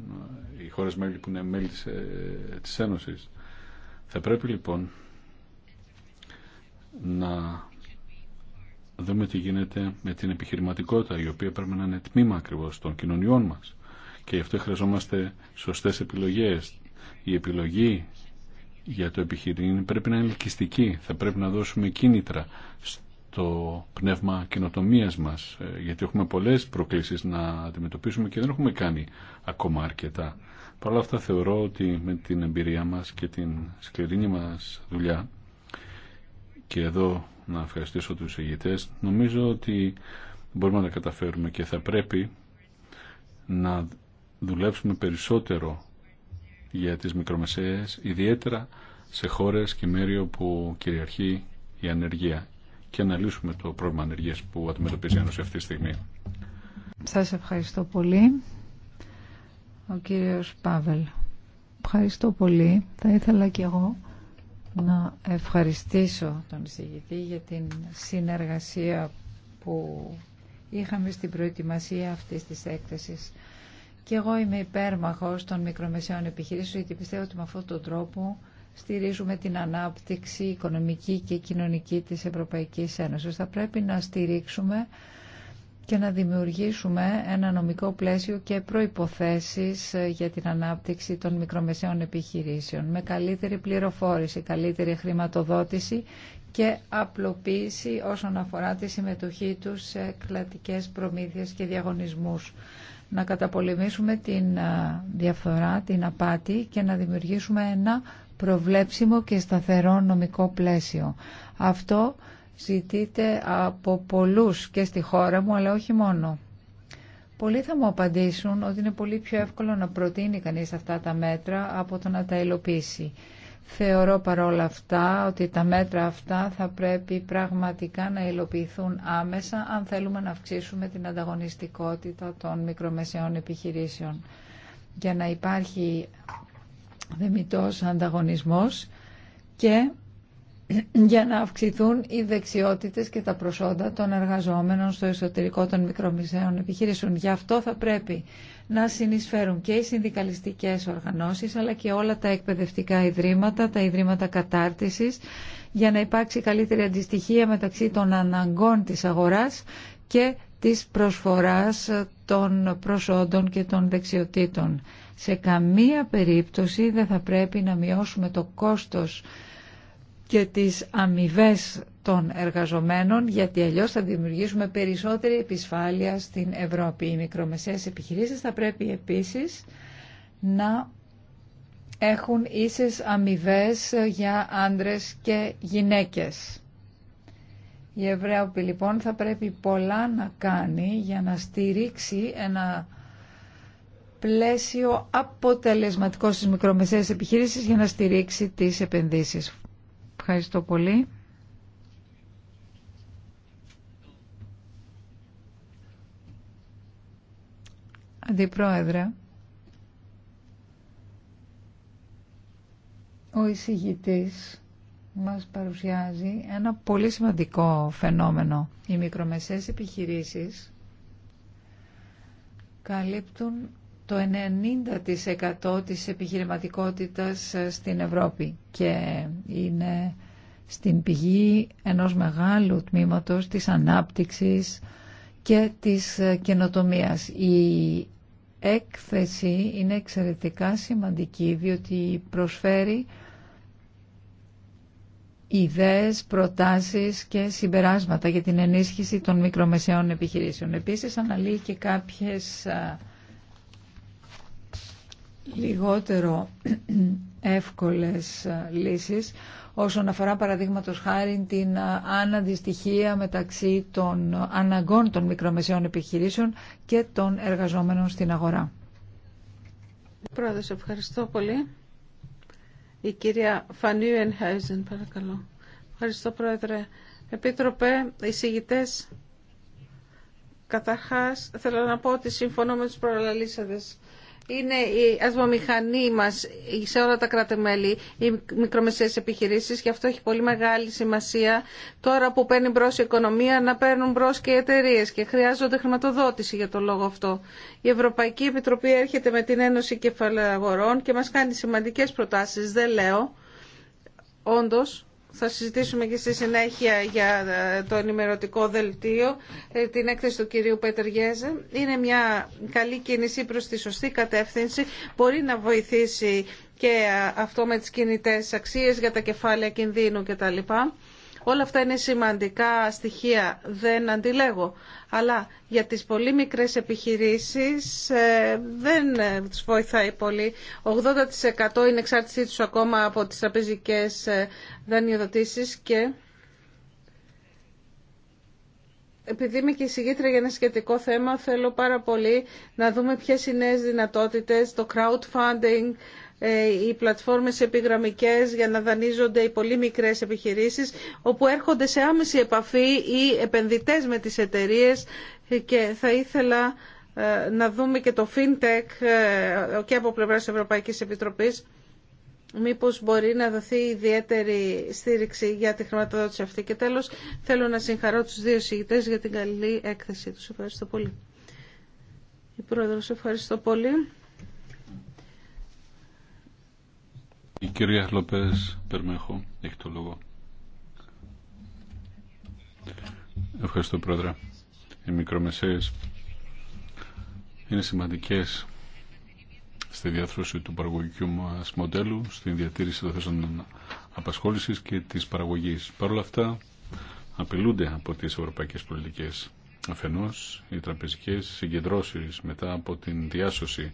οι χώρες μέλη που είναι μέλη της, ε, της Ένωσης. Θα πρέπει λοιπόν να δούμε τι γίνεται με την επιχειρηματικότητα η οποία πρέπει να είναι τμήμα ακριβώς των κοινωνιών μας και γι' αυτό χρειαζόμαστε σωστές επιλογές. Η επιλογή για το επιχειρήν πρέπει να είναι ελκυστική. Θα πρέπει να δώσουμε κίνητρα το πνεύμα κοινοτομία μας ε, γιατί έχουμε πολλέ προκλήσει να αντιμετωπίσουμε και δεν έχουμε κάνει ακόμα αρκετά. Παρ' όλα αυτά θεωρώ ότι με την εμπειρία μας και την σκληρή μα δουλειά και εδώ να ευχαριστήσω του ηγητέ, νομίζω ότι μπορούμε να τα καταφέρουμε και θα πρέπει να δουλέψουμε περισσότερο για τις μικρομεσαίες ιδιαίτερα σε χώρες και μέρη όπου κυριαρχεί η ανεργία και να λύσουμε το πρόβλημα ανεργίας που αντιμετωπίζει η Ένωση αυτή τη στιγμή. Σας ευχαριστώ πολύ. Ο κύριος Πάβελ. Ευχαριστώ πολύ. Θα ήθελα κι εγώ να ευχαριστήσω τον συγητή για την συνεργασία που είχαμε στην προετοιμασία αυτής της έκθεσης. Και εγώ είμαι υπέρμαχος των μικρομεσαίων επιχειρήσεων γιατί πιστεύω ότι με αυτόν τον τρόπο στηρίζουμε την ανάπτυξη οικονομική και κοινωνική της Ευρωπαϊκής Ένωσης. Θα πρέπει να στηρίξουμε και να δημιουργήσουμε ένα νομικό πλαίσιο και προϋποθέσεις ε, για την ανάπτυξη των μικρομεσαίων επιχειρήσεων με καλύτερη πληροφόρηση, καλύτερη χρηματοδότηση και απλοποίηση όσον αφορά τη συμμετοχή τους σε κλατικές προμήθειες και διαγωνισμούς. Να καταπολεμήσουμε την ε, διαφθορά, την απάτη και να δημιουργήσουμε ένα προβλέψιμο και σταθερό νομικό πλαίσιο. Αυτό ζητείται από πολλούς και στη χώρα μου, αλλά όχι μόνο. Πολλοί θα μου απαντήσουν ότι είναι πολύ πιο εύκολο να προτείνει κανείς αυτά τα μέτρα από το να τα υλοποιήσει. Θεωρώ παρόλα αυτά ότι τα μέτρα αυτά θα πρέπει πραγματικά να υλοποιηθούν άμεσα αν θέλουμε να αυξήσουμε την ανταγωνιστικότητα των μικρομεσαίων επιχειρήσεων. Για να υπάρχει δεμητός ανταγωνισμός και για να αυξηθούν οι δεξιότητες και τα προσόντα των εργαζόμενων στο εσωτερικό των μικρομεσαίων επιχειρήσεων. Γι' αυτό θα πρέπει να συνεισφέρουν και οι συνδικαλιστικές οργανώσεις αλλά και όλα τα εκπαιδευτικά ιδρύματα, τα ιδρύματα κατάρτισης για να υπάρξει καλύτερη αντιστοιχία μεταξύ των αναγκών της αγοράς και της προσφοράς των προσόντων και των δεξιοτήτων σε καμία περίπτωση δεν θα πρέπει να μειώσουμε το κόστος και τις αμοιβέ των εργαζομένων γιατί αλλιώς θα δημιουργήσουμε περισσότερη επισφάλεια στην Ευρώπη. Οι μικρομεσαίες επιχειρήσεις θα πρέπει επίσης να έχουν ίσες αμοιβέ για άντρες και γυναίκες. Η Ευρώπη λοιπόν θα πρέπει πολλά να κάνει για να στηρίξει ένα πλαίσιο αποτελεσματικό στις μικρομεσαίες επιχειρήσεις για να στηρίξει τις επενδύσεις. Ευχαριστώ πολύ. Αντιπρόεδρε, ο εισηγητής μας παρουσιάζει ένα πολύ σημαντικό φαινόμενο. Οι μικρομεσαίες επιχειρήσεις καλύπτουν το 90% της επιχειρηματικότητας ε, στην Ευρώπη και είναι στην πηγή ενός μεγάλου τμήματος της ανάπτυξης και της ε, καινοτομίας. Η έκθεση είναι εξαιρετικά σημαντική διότι προσφέρει ιδέες, προτάσεις και συμπεράσματα για την ενίσχυση των μικρομεσαίων επιχειρήσεων. Επίσης αναλύει και κάποιες ε, λιγότερο εύκολες ε, λύσεις όσον αφορά παραδείγματο χάρη την ε, αναδυστυχία μεταξύ των αναγκών των μικρομεσαίων επιχειρήσεων και των εργαζόμενων στην αγορά. Πρόεδρος, ευχαριστώ πολύ. Η κυρία Φανίου Χάιζεν, παρακαλώ. Ευχαριστώ, Πρόεδρε. Επίτροπε, εισηγητές, καταρχάς θέλω να πω ότι συμφωνώ με τους είναι η ασμομηχανή μας σε όλα τα κράτη-μέλη, οι μικρομεσαίες επιχειρήσεις και αυτό έχει πολύ μεγάλη σημασία τώρα που παίρνει μπρος η οικονομία να παίρνουν μπρος και οι εταιρείε και χρειάζονται χρηματοδότηση για το λόγο αυτό. Η Ευρωπαϊκή Επιτροπή έρχεται με την Ένωση Κεφαλαγορών και μας κάνει σημαντικές προτάσεις, δεν λέω, όντως θα συζητήσουμε και στη συνέχεια για ε, το ενημερωτικό δελτίο ε, την έκθεση του κυρίου Πέτερ Γέζε. Είναι μια καλή κίνηση προς τη σωστή κατεύθυνση. Μπορεί να βοηθήσει και ε, αυτό με τις κινητές αξίες για τα κεφάλαια κινδύνου κτλ. Όλα αυτά είναι σημαντικά στοιχεία, δεν αντιλέγω αλλά για τις πολύ μικρές επιχειρήσεις ε, δεν ε, τους βοηθάει πολύ. 80% είναι εξάρτησή τους ακόμα από τις τραπεζικές ε, δανειοδοτήσεις και επειδή είμαι και εισηγήτρια για ένα σχετικό θέμα, θέλω πάρα πολύ να δούμε ποιες είναι οι δυνατότητες, το crowdfunding, ε, οι πλατφόρμες επιγραμμικές για να δανείζονται οι πολύ μικρές επιχειρήσεις όπου έρχονται σε άμεση επαφή οι επενδυτές με τις εταιρείες και θα ήθελα ε, να δούμε και το FinTech ε, και από πλευράς της Ευρωπαϊκής Επιτροπής μήπως μπορεί να δοθεί ιδιαίτερη στήριξη για τη χρηματοδότηση αυτή. Και τέλος θέλω να συγχαρώ τους δύο συγητές για την καλή έκθεση τους. Ευχαριστώ πολύ. Η Πρόεδρος, ευχαριστώ πολύ. Η κυρία Λοπές Περμέχο έχει το λόγο. Ευχαριστώ πρόεδρε. Οι μικρομεσαίες είναι σημαντικές στη διαθρώση του παραγωγικού μας μοντέλου, στην διατήρηση των θέσεων απασχόλησης και της παραγωγής. Παρ' όλα αυτά απειλούνται από τις ευρωπαϊκές πολιτικές. Αφενός, οι τραπεζικές συγκεντρώσεις μετά από την διάσωση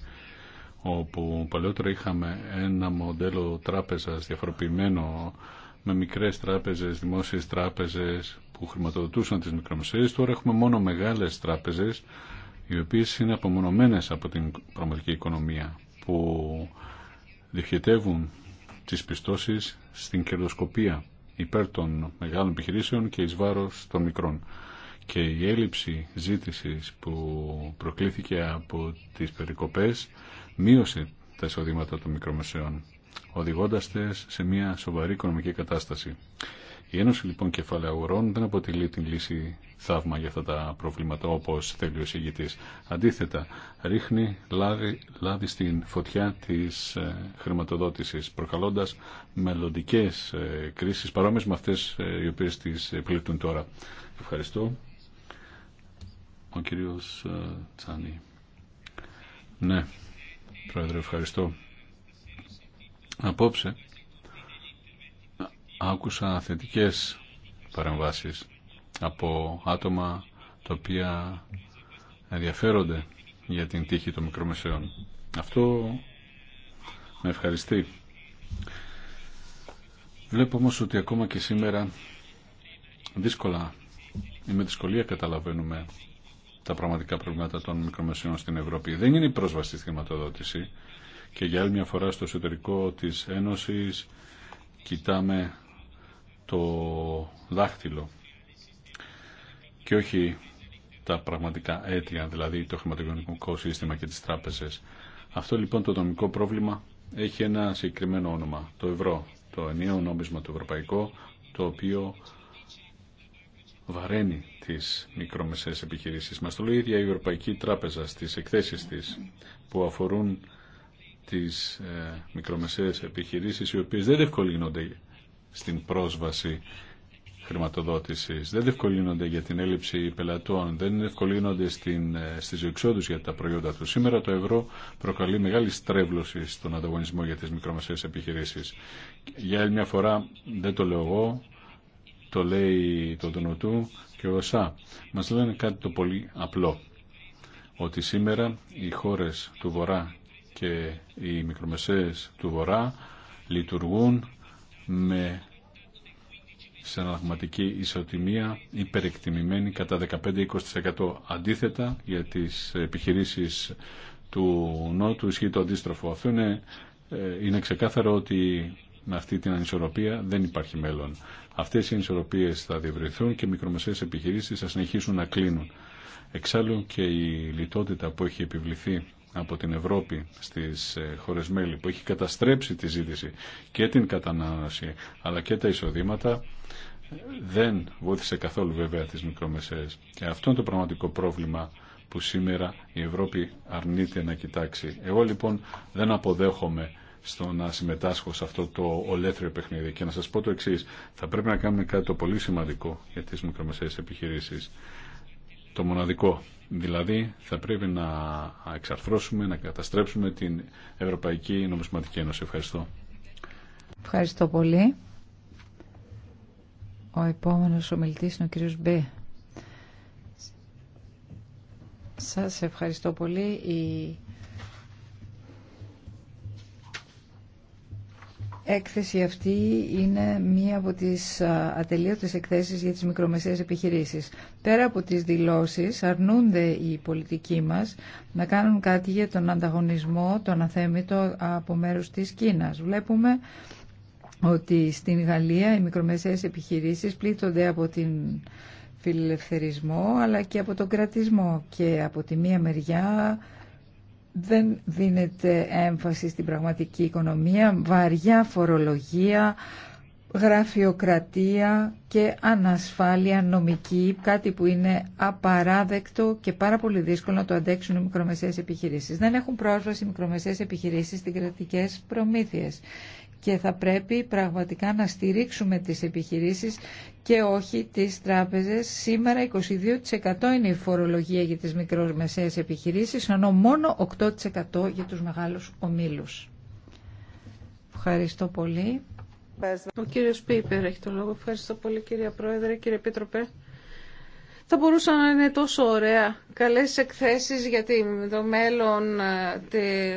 όπου παλαιότερα είχαμε ένα μοντέλο τράπεζας διαφοροποιημένο με μικρές τράπεζες, δημόσιες τράπεζες που χρηματοδοτούσαν τις μικρομεσαίες. Τώρα έχουμε μόνο μεγάλες τράπεζες οι οποίες είναι απομονωμένες από την πραγματική οικονομία που διοχετεύουν τις πιστώσεις στην κερδοσκοπία υπέρ των μεγάλων επιχειρήσεων και εις βάρος των μικρών. Και η έλλειψη ζήτησης που προκλήθηκε από τις περικοπές μείωσε τα εισοδήματα των μικρομεσαίων, οδηγώντας τες σε μια σοβαρή οικονομική κατάσταση. Η Ένωση λοιπόν Κεφάλαια Αγορών δεν αποτελεί την λύση θαύμα για αυτά τα προβλήματα όπως θέλει ο συγγητής. Αντίθετα, ρίχνει λάδι, λάδι στην φωτιά της ε, χρηματοδότησης, προκαλώντας μελλοντικέ ε, κρίσεις παρόμοιες με αυτές ε, οι οποίες τις πλήττουν τώρα. Ευχαριστώ. Ο κύριος Ναι. Πρόεδρε, ευχαριστώ. Απόψε άκουσα θετικές παρεμβάσεις από άτομα τα οποία ενδιαφέρονται για την τύχη των μικρομεσαίων. Αυτό με ευχαριστεί. Βλέπω όμως ότι ακόμα και σήμερα δύσκολα ή με δυσκολία καταλαβαίνουμε τα πραγματικά προβλήματα των μικρομεσαίων στην Ευρώπη. Δεν είναι η πρόσβαση στη χρηματοδότηση και για άλλη μια φορά στο εσωτερικό της Ένωσης κοιτάμε το δάχτυλο και όχι τα πραγματικά αίτια, δηλαδή το χρηματοοικονομικό σύστημα και τις τράπεζες. Αυτό λοιπόν το νομικό πρόβλημα έχει ένα συγκεκριμένο όνομα, το ευρώ, το ενιαίο νόμισμα του ευρωπαϊκό, το οποίο βαραίνει τις μικρομεσαίες επιχειρήσεις. Μας το λέει η ίδια η Ευρωπαϊκή Τράπεζα στις εκθέσεις της που αφορούν τις ε, μικρομεσαίες επιχειρήσεις οι οποίες δεν ευκολύνονται στην πρόσβαση χρηματοδότησης, δεν ευκολύνονται για την έλλειψη πελατών, δεν ευκολύνονται στην, ε, στις εξόδους για τα προϊόντα του. Σήμερα το ευρώ προκαλεί μεγάλη στρέβλωση στον ανταγωνισμό για τις μικρομεσαίες επιχειρήσεις. Για άλλη μια φορά, δεν το λέω εγώ, το λέει το Νοτού και ο ΩΣΑ. Μας λένε κάτι το πολύ απλό, ότι σήμερα οι χώρες του Βορρά και οι μικρομεσαίες του Βορρά λειτουργούν με συναλλαγματική ισοτιμία υπερεκτιμημένη κατά 15-20%. Αντίθετα, για τις επιχειρήσεις του Νότου ισχύει το αντίστροφο. Αυτό είναι ε, ξεκάθαρο ότι με αυτή την ανισορροπία δεν υπάρχει μέλλον. Αυτέ οι ανισορροπίε θα διευρυνθούν και οι μικρομεσαίες επιχειρήσει θα συνεχίσουν να κλείνουν. Εξάλλου και η λιτότητα που έχει επιβληθεί από την Ευρώπη στις ε, χώρες μέλη που έχει καταστρέψει τη ζήτηση και την κατανάλωση αλλά και τα εισοδήματα δεν βοήθησε καθόλου βέβαια τις μικρομεσαίες. Και αυτό είναι το πραγματικό πρόβλημα που σήμερα η Ευρώπη αρνείται να κοιτάξει. Εγώ λοιπόν δεν αποδέχομαι στο να συμμετάσχω σε αυτό το ολέθριο παιχνίδι. Και να σας πω το εξής, θα πρέπει να κάνουμε κάτι το πολύ σημαντικό για τις μικρομεσαίες επιχειρήσεις. Το μοναδικό. Δηλαδή θα πρέπει να εξαρθρώσουμε, να καταστρέψουμε την Ευρωπαϊκή Νομισματική Ένωση. Ευχαριστώ. Ευχαριστώ πολύ. Ο επόμενος ομιλητής είναι ο κύριος Μπέ. Σας ευχαριστώ πολύ. Η έκθεση αυτή είναι μία από τις ατελείωτες εκθέσεις για τις μικρομεσαίες επιχειρήσεις. Πέρα από τις δηλώσεις αρνούνται οι πολιτικοί μας να κάνουν κάτι για τον ανταγωνισμό, τον αθέμητο από μέρους της Κίνας. Βλέπουμε ότι στην Γαλλία οι μικρομεσαίες επιχειρήσεις πλήττονται από την φιλελευθερισμό αλλά και από τον κρατισμό και από τη μία μεριά δεν δίνεται έμφαση στην πραγματική οικονομία, βαριά φορολογία, γραφειοκρατία και ανασφάλεια νομική, κάτι που είναι απαράδεκτο και πάρα πολύ δύσκολο να το αντέξουν οι μικρομεσαίες επιχειρήσεις. Δεν έχουν πρόσβαση οι μικρομεσαίες επιχειρήσεις στις κρατικές προμήθειες και θα πρέπει πραγματικά να στηρίξουμε τις επιχειρήσεις και όχι τις τράπεζες. Σήμερα 22% είναι η φορολογία για τις μικρομεσαίες επιχειρήσεις, ενώ μόνο 8% για τους μεγάλους ομίλους. Ευχαριστώ πολύ. Ο κύριος Πίπερ έχει το λόγο. Ευχαριστώ πολύ κύριε Πρόεδρε, κύριε Επίτροπε θα μπορούσαν να είναι τόσο ωραία. Καλές εκθέσεις για το μέλλον ε,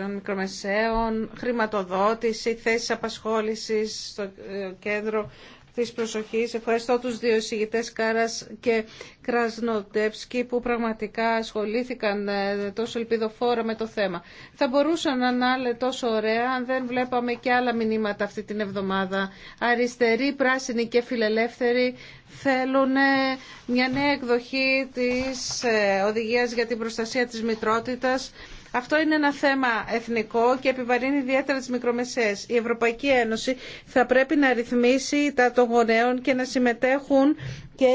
των μικρομεσαίων, χρηματοδότηση, θέσεις απασχόλησης στο ε, κέντρο της προσοχής. Ευχαριστώ τους δύο εισηγητές Κάρας και Κρασνοντεύσκη που πραγματικά ασχολήθηκαν ε, τόσο ελπιδοφόρα με το θέμα. Θα μπορούσαν να είναι τόσο ωραία αν δεν βλέπαμε και άλλα μηνύματα αυτή την εβδομάδα. Αριστεροί, πράσινοι και φιλελεύθεροι θέλουν ε, μια νέα εκδοχή της ε, οδηγίας για την προστασία της μητρότητας αυτό είναι ένα θέμα εθνικό και επιβαρύνει ιδιαίτερα τι μικρομεσαίες. Η Ευρωπαϊκή Ένωση θα πρέπει να ρυθμίσει τα των γονέων και να συμμετέχουν και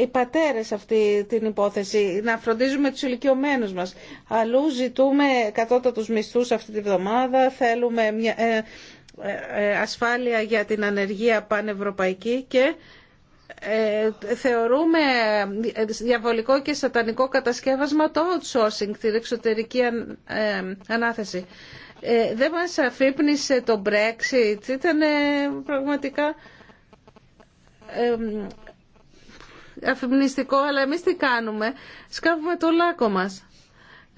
οι, πατέρες αυτή την υπόθεση, να φροντίζουμε του ηλικιωμένου μας. Αλλού ζητούμε κατώτατου μισθού αυτή τη βδομάδα, θέλουμε μια, ε, ε, ε, ασφάλεια για την ανεργία πανευρωπαϊκή και ε, θεωρούμε διαβολικό και σατανικό κατασκεύασμα το outsourcing, την εξωτερική ε, ανάθεση. Ε, δεν μας αφύπνισε το Brexit, ήταν πραγματικά αφυπνιστικό, αλλά εμείς τι κάνουμε, σκάβουμε το λάκκο μας.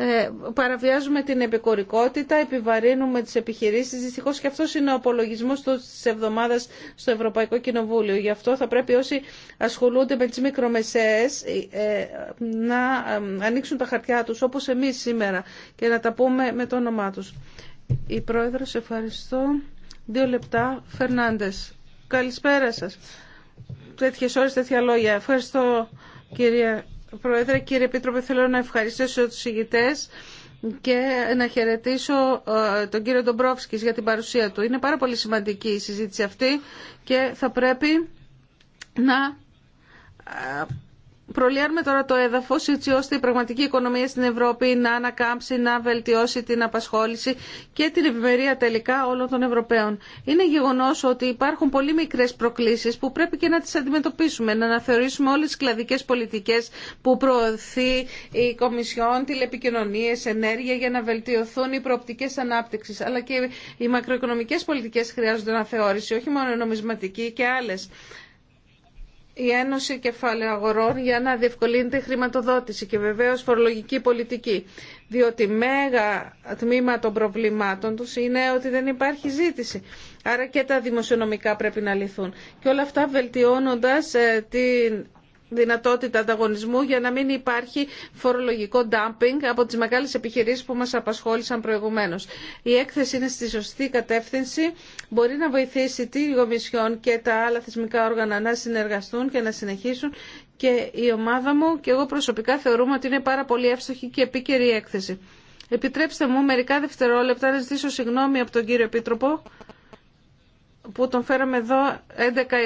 Ε, παραβιάζουμε την επικορικότητα, επιβαρύνουμε τις επιχειρήσεις. Δυστυχώς και αυτός είναι ο απολογισμός της εβδομάδας στο Ευρωπαϊκό Κοινοβούλιο. Γι' αυτό θα πρέπει όσοι ασχολούνται με τις μικρομεσαίες ε, ε, να ανοίξουν τα χαρτιά τους όπως εμείς σήμερα και να τα πούμε με το όνομά τους. Η Πρόεδρος, ευχαριστώ. Δύο λεπτά. Φερνάντε, Καλησπέρα σας. Τέτοιες ώρες, τέτοια λόγια. Ευχαριστώ κυρία Πρόεδρε, κύριε Επίτροπε, θέλω να ευχαριστήσω τους ηγητές και να χαιρετήσω ε, τον κύριο Ντομπρόφσκης για την παρουσία του. Είναι πάρα πολύ σημαντική η συζήτηση αυτή και θα πρέπει να προλιάρουμε τώρα το έδαφο έτσι ώστε η πραγματική οικονομία στην Ευρώπη να ανακάμψει, να βελτιώσει την απασχόληση και την ευημερία τελικά όλων των Ευρωπαίων. Είναι γεγονό ότι υπάρχουν πολύ μικρέ προκλήσει που πρέπει και να τι αντιμετωπίσουμε, να αναθεωρήσουμε όλε τι κλαδικέ πολιτικέ που προωθεί η Κομισιόν, τηλεπικοινωνίε, ενέργεια για να βελτιωθούν οι προοπτικές ανάπτυξη. Αλλά και οι μακροοικονομικές πολιτικέ χρειάζονται αναθεώρηση, όχι μόνο νομισματική και άλλε η Ένωση Κεφάλαιο Αγορών για να διευκολύνει τη χρηματοδότηση και βεβαίως φορολογική πολιτική. Διότι μέγα τμήμα των προβλημάτων τους είναι ότι δεν υπάρχει ζήτηση. Άρα και τα δημοσιονομικά πρέπει να λυθούν. Και όλα αυτά βελτιώνοντας ε, την δυνατότητα ανταγωνισμού για να μην υπάρχει φορολογικό dumping από τις μεγάλες επιχειρήσεις που μας απασχόλησαν προηγουμένως. Η έκθεση είναι στη σωστή κατεύθυνση, μπορεί να βοηθήσει τη Γομισιόν και τα άλλα θεσμικά όργανα να συνεργαστούν και να συνεχίσουν και η ομάδα μου και εγώ προσωπικά θεωρούμε ότι είναι πάρα πολύ εύστοχη και επίκαιρη η έκθεση. Επιτρέψτε μου μερικά δευτερόλεπτα να ζητήσω συγγνώμη από τον κύριο Επίτροπο που τον φέραμε εδώ 11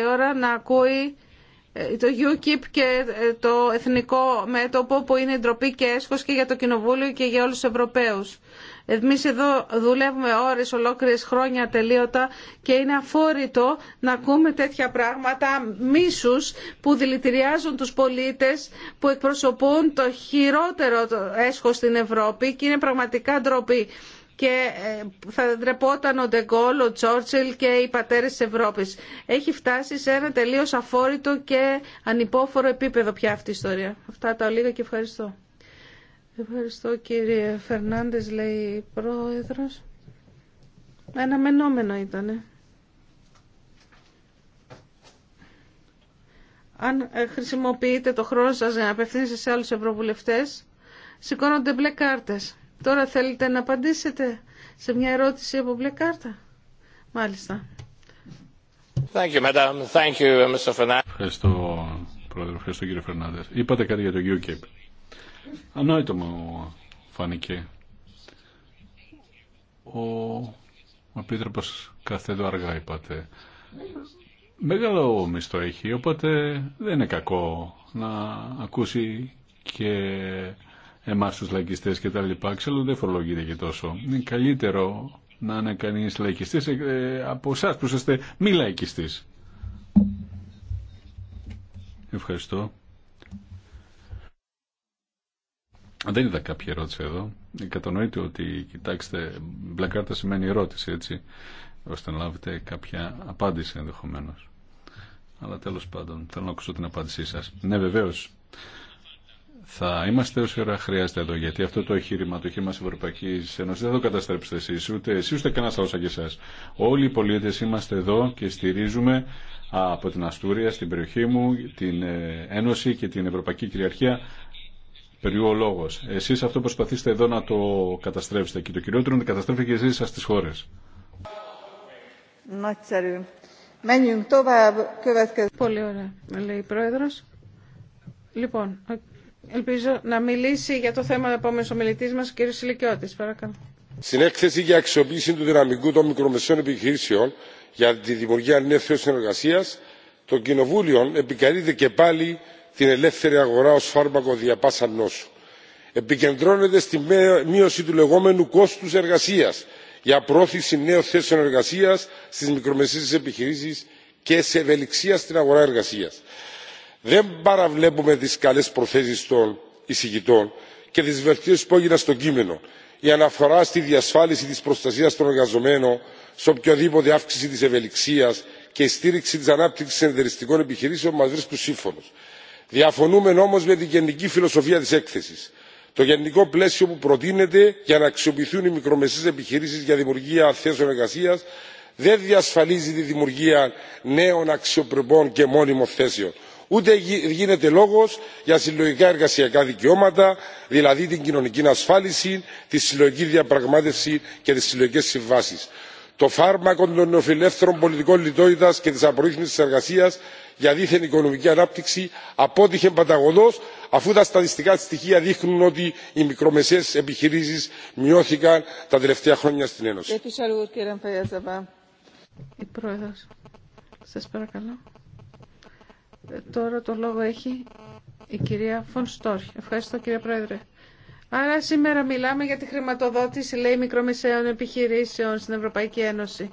η ώρα να ακούει ε, το UKIP και ε, το εθνικό μέτωπο που είναι ντροπή και έσχος και για το Κοινοβούλιο και για όλους τους Ευρωπαίους. Εμείς εδώ δουλεύουμε ώρες ολόκληρες χρόνια τελείωτα και είναι αφόρητο να ακούμε τέτοια πράγματα μίσους που δηλητηριάζουν τους πολίτες που εκπροσωπούν το χειρότερο έσχος στην Ευρώπη και είναι πραγματικά ντροπή και ε, θα ντρεπόταν ο Ντεγκόλ, ο Τσόρτσιλ και οι πατέρες της Ευρώπης. Έχει φτάσει σε ένα τελείως αφόρητο και ανυπόφορο επίπεδο πια αυτή η ιστορία. Αυτά τα λίγα και ευχαριστώ. Ευχαριστώ κύριε Φερνάντες, λέει πρόεδρος. Ένα μενόμενο ήτανε. Αν ε, χρησιμοποιείτε το χρόνο σας για να απευθύνεστε σε άλλους ευρωβουλευτές, σηκώνονται μπλε κάρτες. Τώρα θέλετε να απαντήσετε σε μια ερώτηση από μπλε κάρτα. Μάλιστα. Thank you, madam. Thank you, uh, Mr. Ευχαριστώ, Πρόεδρε. Ευχαριστώ, κύριε Φερνάντε. Είπατε κάτι για το UKIP. Ανόητο μου φάνηκε. Ο, ο επίτροπο κάθε εδώ αργά, είπατε. Μεγάλο μισθό έχει, οπότε δεν είναι κακό να ακούσει και Εμά τους λαϊκιστές και τα λοιπά, ξέρω δεν φορολογείται και τόσο. Είναι καλύτερο να είναι κανείς ε, ε, από εσά που είστε μη λαϊκιστή. Ευχαριστώ. Δεν είδα κάποια ερώτηση εδώ. Κατανοείτε ότι, κοιτάξτε, μπλε σημαίνει ερώτηση, έτσι, ώστε να λάβετε κάποια απάντηση ενδεχομένω. Αλλά τέλο πάντων, θέλω να ακούσω την απάντησή σα. Ναι, βεβαίω θα είμαστε όση ώρα χρειάζεται εδώ. Γιατί αυτό το εγχείρημα, το εγχείρημα τη Ευρωπαϊκή Ένωση δεν το καταστρέψετε εσεί, ούτε εσεί ούτε κανένα άλλο σαν και εσά. Όλοι οι πολίτε είμαστε εδώ και στηρίζουμε από την Αστούρια, στην περιοχή μου, την ε, Ένωση και την Ευρωπαϊκή Κυριαρχία. Περιού ο λόγο. Εσεί αυτό προσπαθήστε εδώ να το καταστρέψετε. Και το κυριότερο είναι ότι καταστρέφετε και εσεί σα τι χώρε. Πολύ ωραία, λέει η Πρόεδρος. Λοιπόν, Ελπίζω να μιλήσει για το θέμα ο επόμενο ομιλητή μα, ο κ. Σιλικιώτη. Παρακαλώ. Στην έκθεση για αξιοποίηση του δυναμικού των μικρομεσαίων επιχειρήσεων για τη δημιουργία νέων θέσεων συνεργασία, το Κοινοβούλιο επικαλείται και πάλι την ελεύθερη αγορά ω φάρμακο δια πάσα νόσου. Επικεντρώνεται στη μείωση του λεγόμενου κόστου εργασία για πρόθεση νέων θέσεων εργασία στι μικρομεσαίε επιχειρήσει και σε ευελιξία στην αγορά εργασία δεν παραβλέπουμε τι καλέ προθέσει των εισηγητών και τι βελτιώσει που έγιναν στο κείμενο. Η αναφορά στη διασφάλιση τη προστασία των εργαζομένων, σε οποιαδήποτε αύξηση τη ευελιξία και η στήριξη τη ανάπτυξη εταιριστικών επιχειρήσεων μα βρίσκουν σύμφωνο. Διαφωνούμε όμω με την γενική φιλοσοφία τη έκθεση. Το γενικό πλαίσιο που προτείνεται για να αξιοποιηθούν οι μικρομεσαίε επιχειρήσει για δημιουργία θέσεων εργασία δεν διασφαλίζει τη δημιουργία νέων αξιοπρεπών και μόνιμων θέσεων ούτε γίνεται λόγος για συλλογικά εργασιακά δικαιώματα δηλαδή την κοινωνική ασφάλιση τη συλλογική διαπραγμάτευση και τις συλλογικές συμβάσεις το φάρμακο των νεοφιλελεύθερων πολιτικών λιτότητας και της απορρίθμισης εργασίας για δίθεν οικονομική ανάπτυξη απότυχε παταγωδώς αφού τα στατιστικά στοιχεία δείχνουν ότι οι μικρομεσαίες επιχειρήσεις μειώθηκαν τα τελευταία χρόνια στην ένωση. Σας ε, τώρα το λόγο έχει η κυρία Φων Στόρχ. Ευχαριστώ κύριε Πρόεδρε. Άρα σήμερα μιλάμε για τη χρηματοδότηση, λέει, μικρομεσαίων επιχειρήσεων στην Ευρωπαϊκή Ένωση.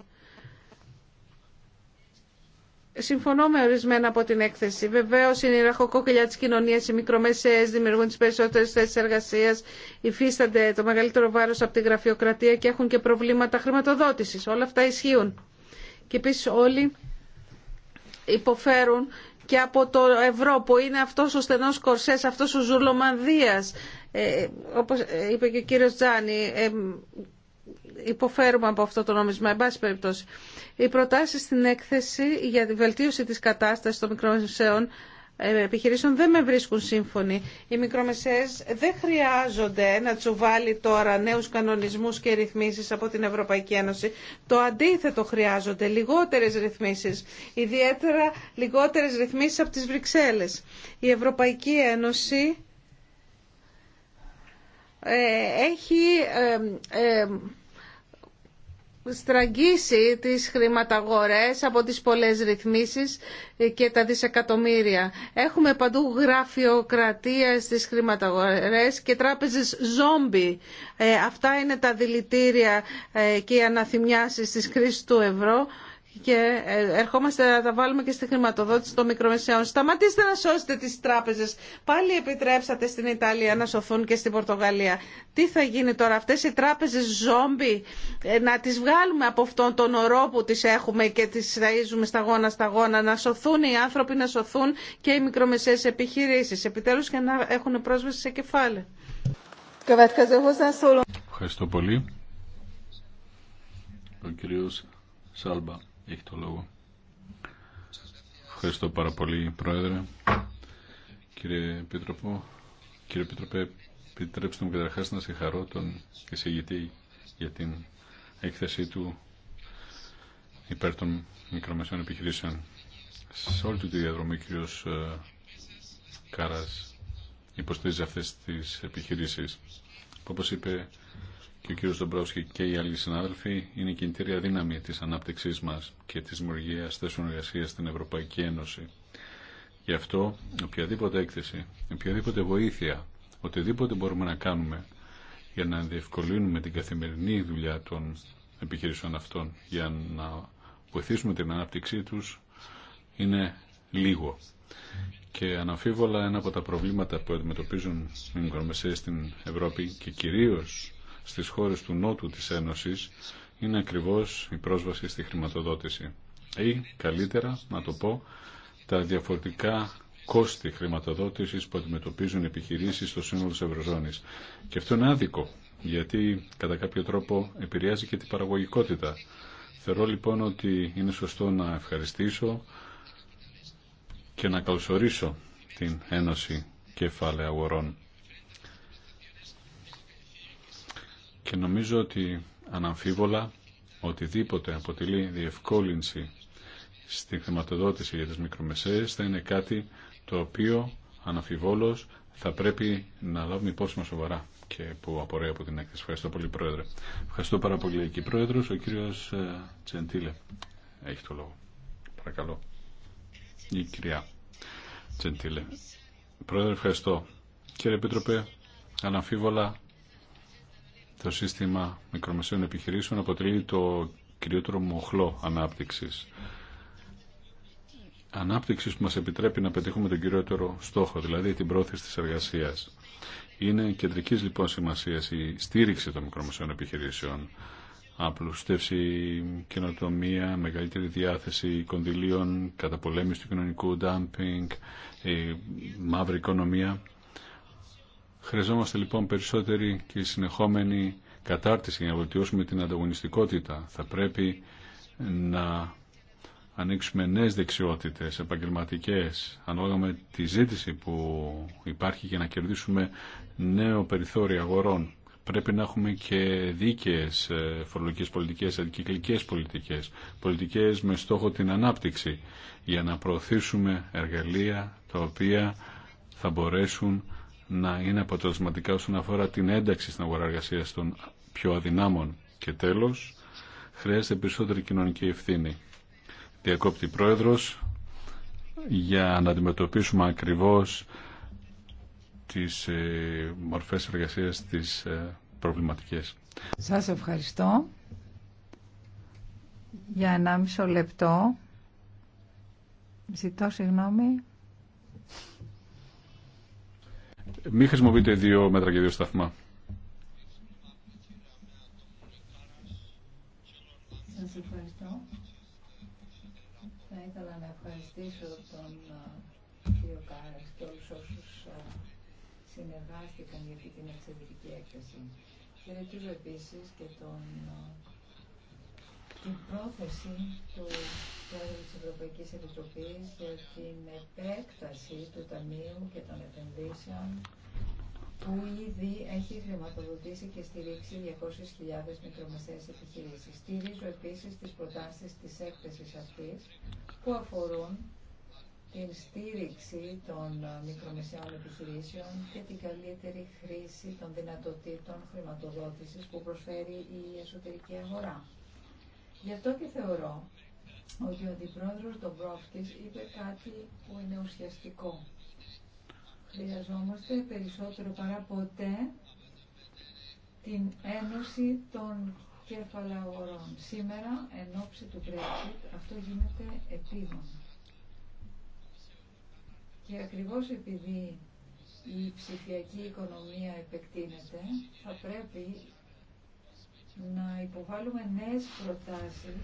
Συμφωνώ με ορισμένα από την έκθεση. Βεβαίω είναι η ραχοκόκυλια τη κοινωνία. Οι μικρομεσαίε δημιουργούν τι περισσότερε θέσει εργασία, υφίστανται το μεγαλύτερο βάρο από τη γραφειοκρατία και έχουν και προβλήματα χρηματοδότηση. Όλα αυτά ισχύουν. Και επίση όλοι υποφέρουν και από το ευρώ που είναι αυτός ο στενός κορσές, αυτός ο ζουλομανδίας, ε, όπως ε, είπε και ο κύριος Τζάνι, ε, υποφέρουμε από αυτό το νόμισμα, εν πάση περιπτώσει. Οι προτάσεις στην έκθεση για τη βελτίωση της κατάστασης των μικρομεσαίων επιχειρήσεων δεν με βρίσκουν σύμφωνοι. Οι μικρομεσαίες δεν χρειάζονται να τσουβάλει τώρα νέους κανονισμούς και ρυθμίσεις από την Ευρωπαϊκή Ένωση. Το αντίθετο χρειάζονται, λιγότερες ρυθμίσεις, ιδιαίτερα λιγότερες ρυθμίσεις από τις Βρυξέλλες. Η Ευρωπαϊκή Ένωση ε, έχει ε, ε, στραγγίσει τις χρηματαγορές από τις πολλές ρυθμίσεις και τα δισεκατομμύρια. Έχουμε παντού γραφειοκρατία στις χρηματαγορές και τράπεζες ζόμπι. Ε, αυτά είναι τα δηλητήρια ε, και οι αναθυμιάσεις της κρίσης του ευρώ και ε, ερχόμαστε να τα βάλουμε και στη χρηματοδότηση των μικρομεσαίων. Σταματήστε να σώσετε τις τράπεζες. Πάλι επιτρέψατε στην Ιταλία να σωθούν και στην Πορτογαλία. Τι θα γίνει τώρα αυτές οι τράπεζες ζόμπι, ε, να τις βγάλουμε από αυτόν τον ορό που τις έχουμε και τις γόνα σταγόνα σταγόνα, να σωθούν οι άνθρωποι, να σωθούν και οι μικρομεσαίες επιχειρήσεις. Επιτέλους και να έχουν πρόσβαση σε κεφάλαιο. Ευχαριστώ πολύ. Ο κύριος Σάλμπα. Έχει το λόγο. Ευχαριστώ πάρα πολύ, Πρόεδρε. Κύριε Επίτροπο, κύριε Επίτροπε, επιτρέψτε μου καταρχάς να συγχαρώ τον εισηγητή για την έκθεσή του υπέρ των μικρομεσαίων επιχειρήσεων. Σε όλη του τη διαδρομή ο κάρα ε, Κάρας υποστηρίζει αυτές τις επιχειρήσεις. όπως είπε και ο κύριος Δομπρόσκη και οι άλλοι συνάδελφοι είναι η κινητήρια δύναμη της ανάπτυξής μας και της δημιουργία θέσεων εργασία στην Ευρωπαϊκή Ένωση. Γι' αυτό οποιαδήποτε έκθεση, οποιαδήποτε βοήθεια, οτιδήποτε μπορούμε να κάνουμε για να διευκολύνουμε την καθημερινή δουλειά των επιχειρήσεων αυτών, για να βοηθήσουμε την ανάπτυξή τους, είναι λίγο. Και αναμφίβολα ένα από τα προβλήματα που αντιμετωπίζουν οι μικρομεσαίες στην Ευρώπη και κυρίως στις χώρες του Νότου της Ένωσης είναι ακριβώς η πρόσβαση στη χρηματοδότηση. Ή, καλύτερα, να το πω, τα διαφορετικά κόστη χρηματοδότησης που αντιμετωπίζουν επιχειρήσεις στο σύνολο της Ευρωζώνης. Και αυτό είναι άδικο, γιατί κατά κάποιο τρόπο επηρεάζει και την παραγωγικότητα. Θεωρώ λοιπόν ότι είναι σωστό να ευχαριστήσω και να καλωσορίσω την Ένωση Κεφάλαια Αγορών Και νομίζω ότι αναμφίβολα οτιδήποτε αποτελεί διευκόλυνση στη χρηματοδότηση για τις μικρομεσαίες θα είναι κάτι το οποίο αναμφιβόλως θα πρέπει να λάβουμε υπόψη μας σοβαρά και που απορρέει από την έκθεση. Ευχαριστώ πολύ Πρόεδρε. Ευχαριστώ πάρα πολύ εκεί Πρόεδρος. Ο κύριος ε, Τσεντήλε έχει το λόγο. Παρακαλώ. Η κυρία Τσεντήλε. Πρόεδρε ευχαριστώ. Κύριε Επίτροπε, αναμφίβολα το σύστημα μικρομεσαίων επιχειρήσεων αποτελεί το κυριότερο μοχλό ανάπτυξης. Ανάπτυξης που μας επιτρέπει να πετύχουμε τον κυριότερο στόχο, δηλαδή την πρόθεση της εργασίας. Είναι κεντρική λοιπόν σημασία η στήριξη των μικρομεσαίων επιχειρήσεων. Απλουστεύση, καινοτομία, μεγαλύτερη διάθεση κονδυλίων, καταπολέμηση του κοινωνικού ντάμπινγκ, μαύρη οικονομία Χρειαζόμαστε λοιπόν περισσότερη και συνεχόμενη κατάρτιση για να βελτιώσουμε την ανταγωνιστικότητα. Θα πρέπει να ανοίξουμε νέες δεξιότητες, επαγγελματικές, ανάλογα με τη ζήτηση που υπάρχει για να κερδίσουμε νέο περιθώριο αγορών. Πρέπει να έχουμε και δίκαιες ε, φορολογικές πολιτικές, αντικυκλικές πολιτικές, πολιτικές με στόχο την ανάπτυξη, για να προωθήσουμε εργαλεία τα οποία θα μπορέσουν να είναι αποτελεσματικά όσον αφορά την ένταξη στην αγορά εργασία των πιο αδυνάμων. Και τέλος, χρειάζεται περισσότερη κοινωνική ευθύνη. Διακόπτη Πρόεδρος, για να αντιμετωπίσουμε ακριβώς τις ε, μορφές εργασίας της ε, προβληματικέ. Σας ευχαριστώ. Για ένα μισό λεπτό ζητώ συγγνώμη μην χρησιμοποιείτε δύο μέτρα και δύο σταθμά. Σα ευχαριστώ. Θα ήθελα να ευχαριστήσω τον κύριο κάρα, και όλου όσου συνεργάστηκαν για αυτή την εξαιρετική έκθεση. Χαιρετίζω επίση και τον την πρόθεση του Πρόεδρου της Ευρωπαϊκής Επιτροπής για την επέκταση του Ταμείου και των επενδύσεων που ήδη έχει χρηματοδοτήσει και στηρίξει 200.000 μικρομεσαίες επιχειρήσεις. Στηρίζω επίσης τις προτάσεις της έκθεσης αυτής που αφορούν την στήριξη των μικρομεσαίων επιχειρήσεων και την καλύτερη χρήση των δυνατοτήτων χρηματοδότησης που προσφέρει η εσωτερική αγορά. Γι' αυτό και θεωρώ ότι ο αντιπρόεδρος πρόφτης είπε κάτι που είναι ουσιαστικό. Χρειαζόμαστε περισσότερο παρά ποτέ την ένωση των κεφαλαγορών. Σήμερα, εν ώψη του Brexit, αυτό γίνεται επίγον. Και ακριβώς επειδή η ψηφιακή οικονομία επεκτείνεται, θα πρέπει να υποβάλουμε νέες προτάσεις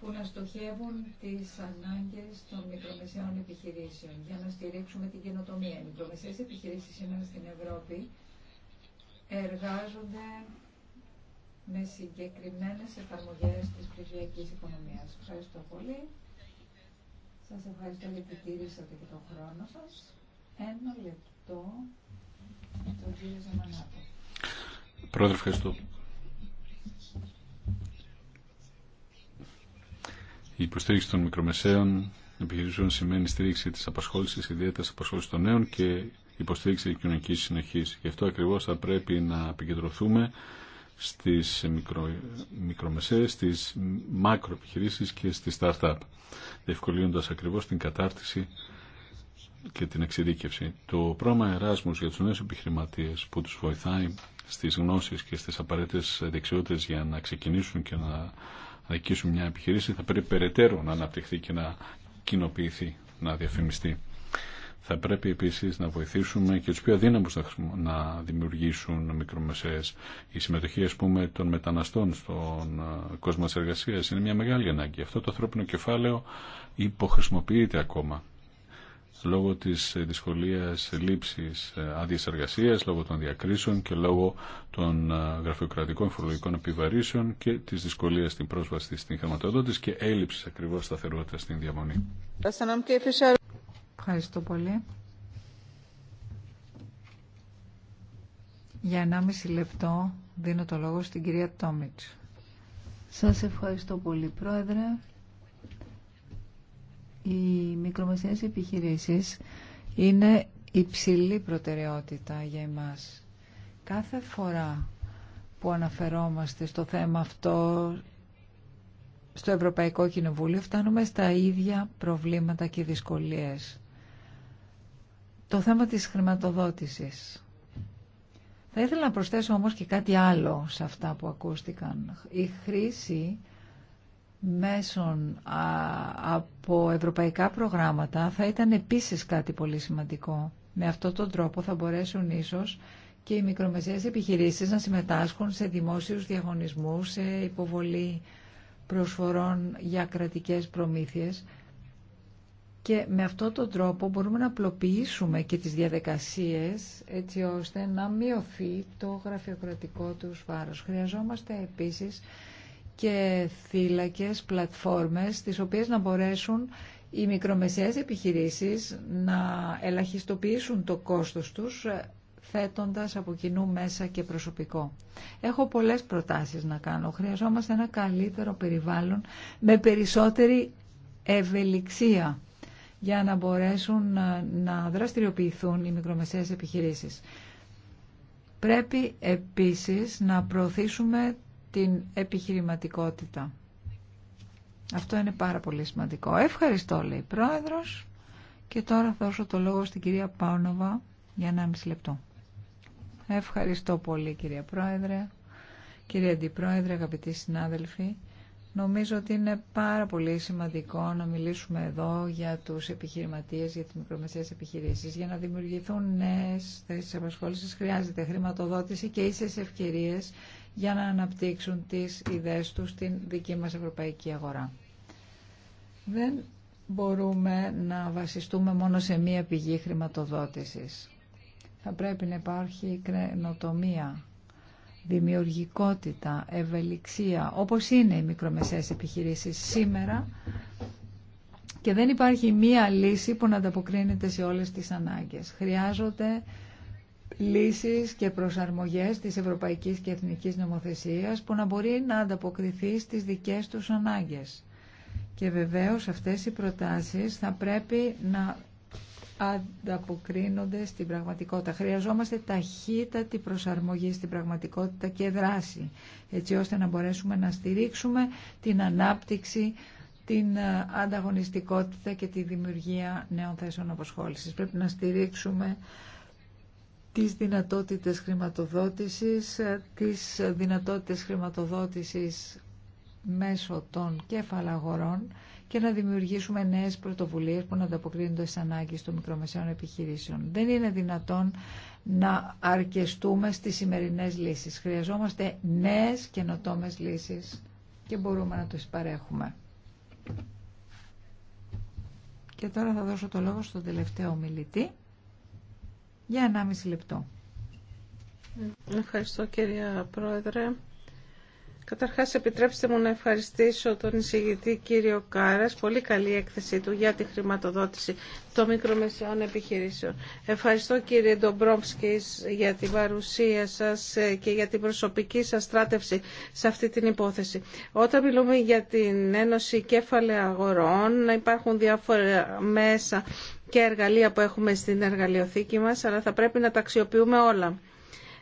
που να στοχεύουν τις ανάγκες των μικρομεσαίων επιχειρήσεων για να στηρίξουμε την καινοτομία. Οι μικρομεσαίες επιχειρήσεις σήμερα στην Ευρώπη εργάζονται με συγκεκριμένες εφαρμογές της ψηφιακής οικονομίας. Ευχαριστώ πολύ. Σας ευχαριστώ για την τήρησατε και τον χρόνο σας. Ένα λεπτό, τον κύριο Ζαμανάτο. Πρόεδρε, ευχαριστώ. Η υποστήριξη των μικρομεσαίων επιχειρήσεων σημαίνει στήριξη της απασχόλησης, ιδιαίτερα απασχόληση των νέων και υποστήριξη κοινωνική συνοχή. Γι' αυτό ακριβώ θα πρέπει να επικεντρωθούμε στι μικρο, μικρομεσαίες, στις μακροεπιχειρήσει και στις startup, διευκολύνοντας ακριβώ την κατάρτιση και την εξειδίκευση. Το πρόγραμμα Εράσμους για του νέου επιχειρηματίε που του βοηθάει στις γνώσεις και στις απαραίτητες δεξιότητες για να ξεκινήσουν και να δικήσουν μια επιχειρήση θα πρέπει περαιτέρω να αναπτυχθεί και να κοινοποιηθεί, να διαφημιστεί. Θα πρέπει επίσης να βοηθήσουμε και τους πιο αδύναμους να δημιουργήσουν μικρομεσαίες. Η συμμετοχή, ας πούμε, των μεταναστών στον ε, κόσμο της εργασίας είναι μια μεγάλη ανάγκη. Αυτό το ανθρώπινο κεφάλαιο υποχρησιμοποιείται ακόμα λόγω της ε, δυσκολίας ε, λήψης ε, άδειας εργασίας, λόγω των διακρίσεων και λόγω των γραφειοκρατικών φορολογικών επιβαρύσεων και της δυσκολίας στην πρόσβαση στην χρηματοδότηση και έλλειψης ακριβώς σταθερότητας στην διαμονή. Ευχαριστώ πολύ. Για 1,5 λεπτό δίνω το λόγο στην κυρία Τόμιτς. Σας ευχαριστώ πολύ, Πρόεδρε. Οι μικρομεσαίες επιχειρήσεις είναι υψηλή προτεραιότητα για εμάς. Κάθε φορά που αναφερόμαστε στο θέμα αυτό στο Ευρωπαϊκό Κοινοβούλιο φτάνουμε στα ίδια προβλήματα και δυσκολίες. Το θέμα της χρηματοδότησης. Θα ήθελα να προσθέσω όμως και κάτι άλλο σε αυτά που ακούστηκαν. Η χρήση μέσων από ευρωπαϊκά προγράμματα θα ήταν επίσης κάτι πολύ σημαντικό. Με αυτόν τον τρόπο θα μπορέσουν ίσως και οι μικρομεσαίες επιχειρήσεις να συμμετάσχουν σε δημόσιους διαγωνισμούς, σε υποβολή προσφορών για κρατικές προμήθειες και με αυτόν τον τρόπο μπορούμε να απλοποιήσουμε και τις διαδικασίες έτσι ώστε να μειωθεί το γραφειοκρατικό τους βάρος. Χρειαζόμαστε επίσης και θύλακες, πλατφόρμες, τις οποίες να μπορέσουν οι μικρομεσαίες επιχειρήσεις να ελαχιστοποιήσουν το κόστος τους ε, θέτοντας από κοινού μέσα και προσωπικό. Έχω πολλές προτάσεις να κάνω. Χρειαζόμαστε ένα καλύτερο περιβάλλον με περισσότερη ευελιξία για να μπορέσουν ε, να δραστηριοποιηθούν οι μικρομεσαίες επιχειρήσεις. Πρέπει επίσης να προωθήσουμε την επιχειρηματικότητα. Αυτό είναι πάρα πολύ σημαντικό. Ευχαριστώ, λέει η Πρόεδρος. Και τώρα θα δώσω το λόγο στην κυρία Πάνοβα για 1,5 λεπτό. Ευχαριστώ πολύ, κυρία Πρόεδρε. Κυρία Αντιπρόεδρε, αγαπητοί συνάδελφοι, νομίζω ότι είναι πάρα πολύ σημαντικό να μιλήσουμε εδώ για τους επιχειρηματίες, για τις μικρομεσαίες επιχειρήσεις. Για να δημιουργηθούν νέες θέσεις απασχόλησης χρειάζεται χρηματοδότηση και ίσες ευκαιρίες για να αναπτύξουν τις ιδέες τους στην δική μας ευρωπαϊκή αγορά. Δεν μπορούμε να βασιστούμε μόνο σε μία πηγή χρηματοδότησης. Θα πρέπει να υπάρχει κρενοτομία, δημιουργικότητα, ευελιξία, όπως είναι οι μικρομεσαίες επιχειρήσεις σήμερα και δεν υπάρχει μία λύση που να ανταποκρίνεται σε όλες τις ανάγκες. Χρειάζονται λύσεις και προσαρμογές της ευρωπαϊκής και εθνικής νομοθεσίας που να μπορεί να ανταποκριθεί στις δικές τους ανάγκες. Και βεβαίως αυτές οι προτάσεις θα πρέπει να ανταποκρίνονται στην πραγματικότητα. Χρειαζόμαστε ταχύτατη προσαρμογή στην πραγματικότητα και δράση, έτσι ώστε να μπορέσουμε να στηρίξουμε την ανάπτυξη την ανταγωνιστικότητα και τη δημιουργία νέων θέσεων αποσχόλησης. Πρέπει να στηρίξουμε τις δυνατότητες χρηματοδότησης, ε, τις δυνατότητες χρηματοδότησης μέσω των κεφαλαγορών και να δημιουργήσουμε νέες πρωτοβουλίες που να ανταποκρίνονται στις ανάγκες των μικρομεσαίων επιχειρήσεων. Δεν είναι δυνατόν να αρκεστούμε στις σημερινές λύσεις. Χρειαζόμαστε νέες καινοτόμες λύσεις και μπορούμε να τις παρέχουμε. Και τώρα θα δώσω το λόγο στον τελευταίο μιλητή για 1,5 λεπτό. Ευχαριστώ κυρία Πρόεδρε. Καταρχάς επιτρέψτε μου να ευχαριστήσω τον εισηγητή κύριο Κάρας, πολύ καλή έκθεση του για τη χρηματοδότηση των μικρομεσαίων επιχειρήσεων. Ευχαριστώ κύριε Ντομπρόμψκης για την παρουσία σας και για την προσωπική σας στράτευση σε αυτή την υπόθεση. Όταν μιλούμε για την Ένωση Κέφαλε Αγορών υπάρχουν διάφορα μέσα και εργαλεία που έχουμε στην εργαλειοθήκη μας, αλλά θα πρέπει να τα αξιοποιούμε όλα.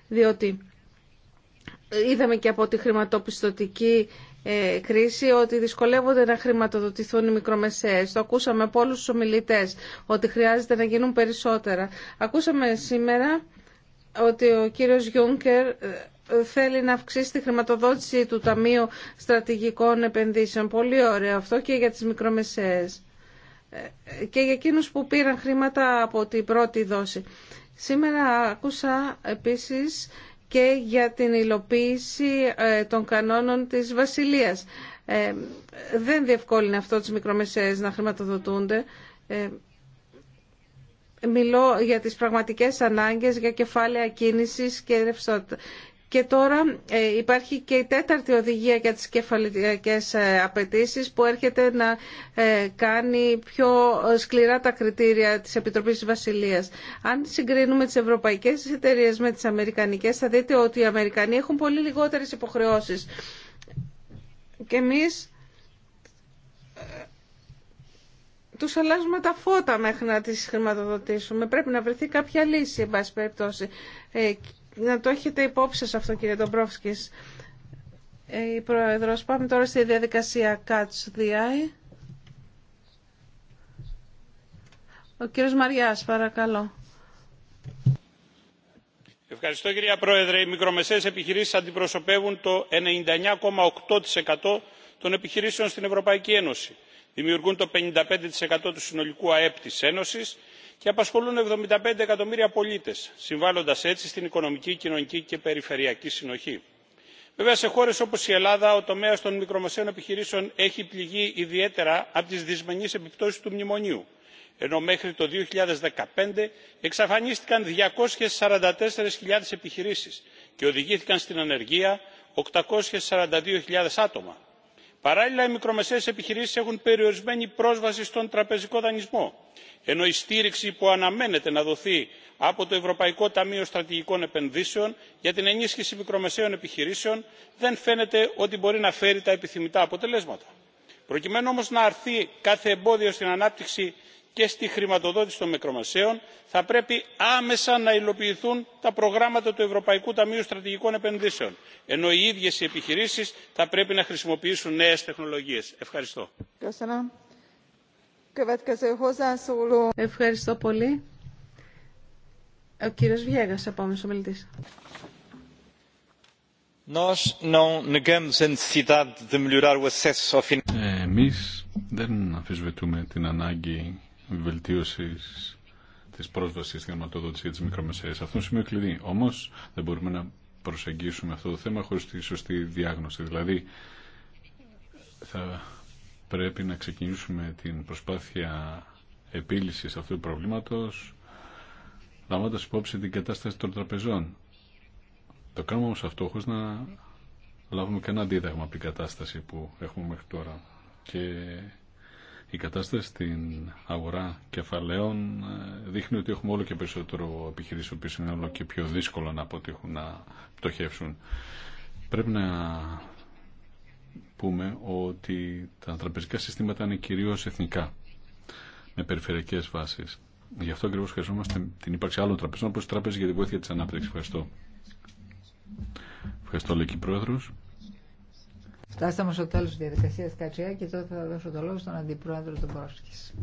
Διότι είδαμε και από τη χρηματοπιστωτική ε, κρίση ότι δυσκολεύονται να χρηματοδοτηθούν οι μικρομεσαίες. Το ακούσαμε από όλους τους ομιλητές ότι χρειάζεται να γίνουν περισσότερα. Ακούσαμε σήμερα ότι ο κύριος Γιούνκερ ε, θέλει να αυξήσει τη χρηματοδότηση του Ταμείου Στρατηγικών Επενδύσεων. Πολύ ωραίο αυτό και για τις μικρομεσαίες και για εκείνους που πήραν χρήματα από την πρώτη δόση. Σήμερα άκουσα επίσης και για την υλοποίηση ε, των κανόνων της Βασιλείας. Ε, δεν διευκόλυνε αυτό τις μικρομεσαίες να χρηματοδοτούνται. Ε, μιλώ για τις πραγματικές ανάγκες για κεφάλαια κίνησης και ρευστότητα. Και τώρα ε, υπάρχει και η τέταρτη οδηγία για τις κεφαλικές ε, απαιτήσεις που έρχεται να ε, κάνει πιο σκληρά τα κριτήρια της Επιτροπής της Βασιλείας. Αν συγκρίνουμε τις ευρωπαϊκές εταιρείε με τις αμερικανικές θα δείτε ότι οι Αμερικανοί έχουν πολύ λιγότερες υποχρεώσεις. Και εμείς τους αλλάζουμε τα φώτα μέχρι να τις χρηματοδοτήσουμε. Πρέπει να βρεθεί κάποια λύση, εν περιπτώσει να το έχετε υπόψη σας αυτό κύριε Ντομπρόφσκης. Ε, η Πρόεδρος, πάμε τώρα στη διαδικασία Catch the Eye. Ο κύριος Μαριάς, παρακαλώ. Ευχαριστώ κυρία Πρόεδρε. Οι μικρομεσαίες επιχειρήσεις αντιπροσωπεύουν το 99,8% των επιχειρήσεων στην Ευρωπαϊκή Ένωση. Δημιουργούν το 55% του συνολικού ΑΕΠ της Ένωσης και απασχολούν 75 εκατομμύρια πολίτε συμβάλλοντα έτσι στην οικονομική κοινωνική και περιφερειακή συνοχή. βέβαια σε χώρε όπω η ελλάδα ο τομέα των μικρομεσαίων επιχειρήσεων έχει πληγεί ιδιαίτερα από τι δυσμενεί επιπτώσει του μνημονίου ενώ μέχρι το 2015 εξαφανίστηκαν 244.000 σαράντα και οδηγήθηκαν στην ανεργία 842.000 άτομα παράλληλα οι μικρομεσαίες επιχειρήσεις έχουν περιορισμένη πρόσβαση στον τραπεζικό δανεισμό ενώ η στήριξη που αναμένεται να δοθεί από το ευρωπαϊκό ταμείο στρατηγικών επενδύσεων για την ενίσχυση μικρομεσαίων επιχειρήσεων δεν φαίνεται ότι μπορεί να φέρει τα επιθυμητά αποτελέσματα. προκειμένου όμως να αρθεί κάθε εμπόδιο στην ανάπτυξη και στη χρηματοδότηση των μικρομεσαίων θα πρέπει άμεσα να υλοποιηθούν τα προγράμματα του ευρωπαϊκού ταμείου στρατηγικών επενδύσεων ενώ οι ίδιες οι επιχειρήσεις θα πρέπει να χρησιμοποιήσουν νέες τεχνολογίες. ευχαριστώ. ευχαριστώ πολύ. Ο κύριος Βιέγας, επόμενος ομιλητής. Ε, εμείς δεν αμφισβητούμε την ανάγκη Βελτίωση της πρόσβασης στη χρηματοδότηση για τι μικρομεσαίε. Αυτό είναι σημείο κλειδί. Όμως δεν μπορούμε να προσεγγίσουμε αυτό το θέμα χωρίς τη σωστή διάγνωση. Δηλαδή θα πρέπει να ξεκινήσουμε την προσπάθεια επίλυσης αυτού του προβλήματος λαμβάνοντα υπόψη την κατάσταση των τραπεζών. Το κάνουμε όμω αυτό χωρί να λάβουμε κανένα αντίδραγμα από την κατάσταση που έχουμε μέχρι τώρα. Και η κατάσταση στην αγορά κεφαλαίων ε, δείχνει ότι έχουμε όλο και περισσότερο επιχειρήσει που είναι όλο και πιο δύσκολο να αποτύχουν να πτωχεύσουν. Πρέπει να πούμε ότι τα τραπεζικά συστήματα είναι κυρίως εθνικά με περιφερειακές βάσεις. Γι' αυτό ακριβώ χρειαζόμαστε την ύπαρξη άλλων τραπεζών όπω τράπεζα για τη βοήθεια τη ανάπτυξη. Ευχαριστώ. Ευχαριστώ, Πρόεδρο. Φτάσαμε στο τέλος της διαδικασίας Κατσιά και τώρα θα δώσω το λόγο στον Αντιπρόεδρο του Πρόσκης.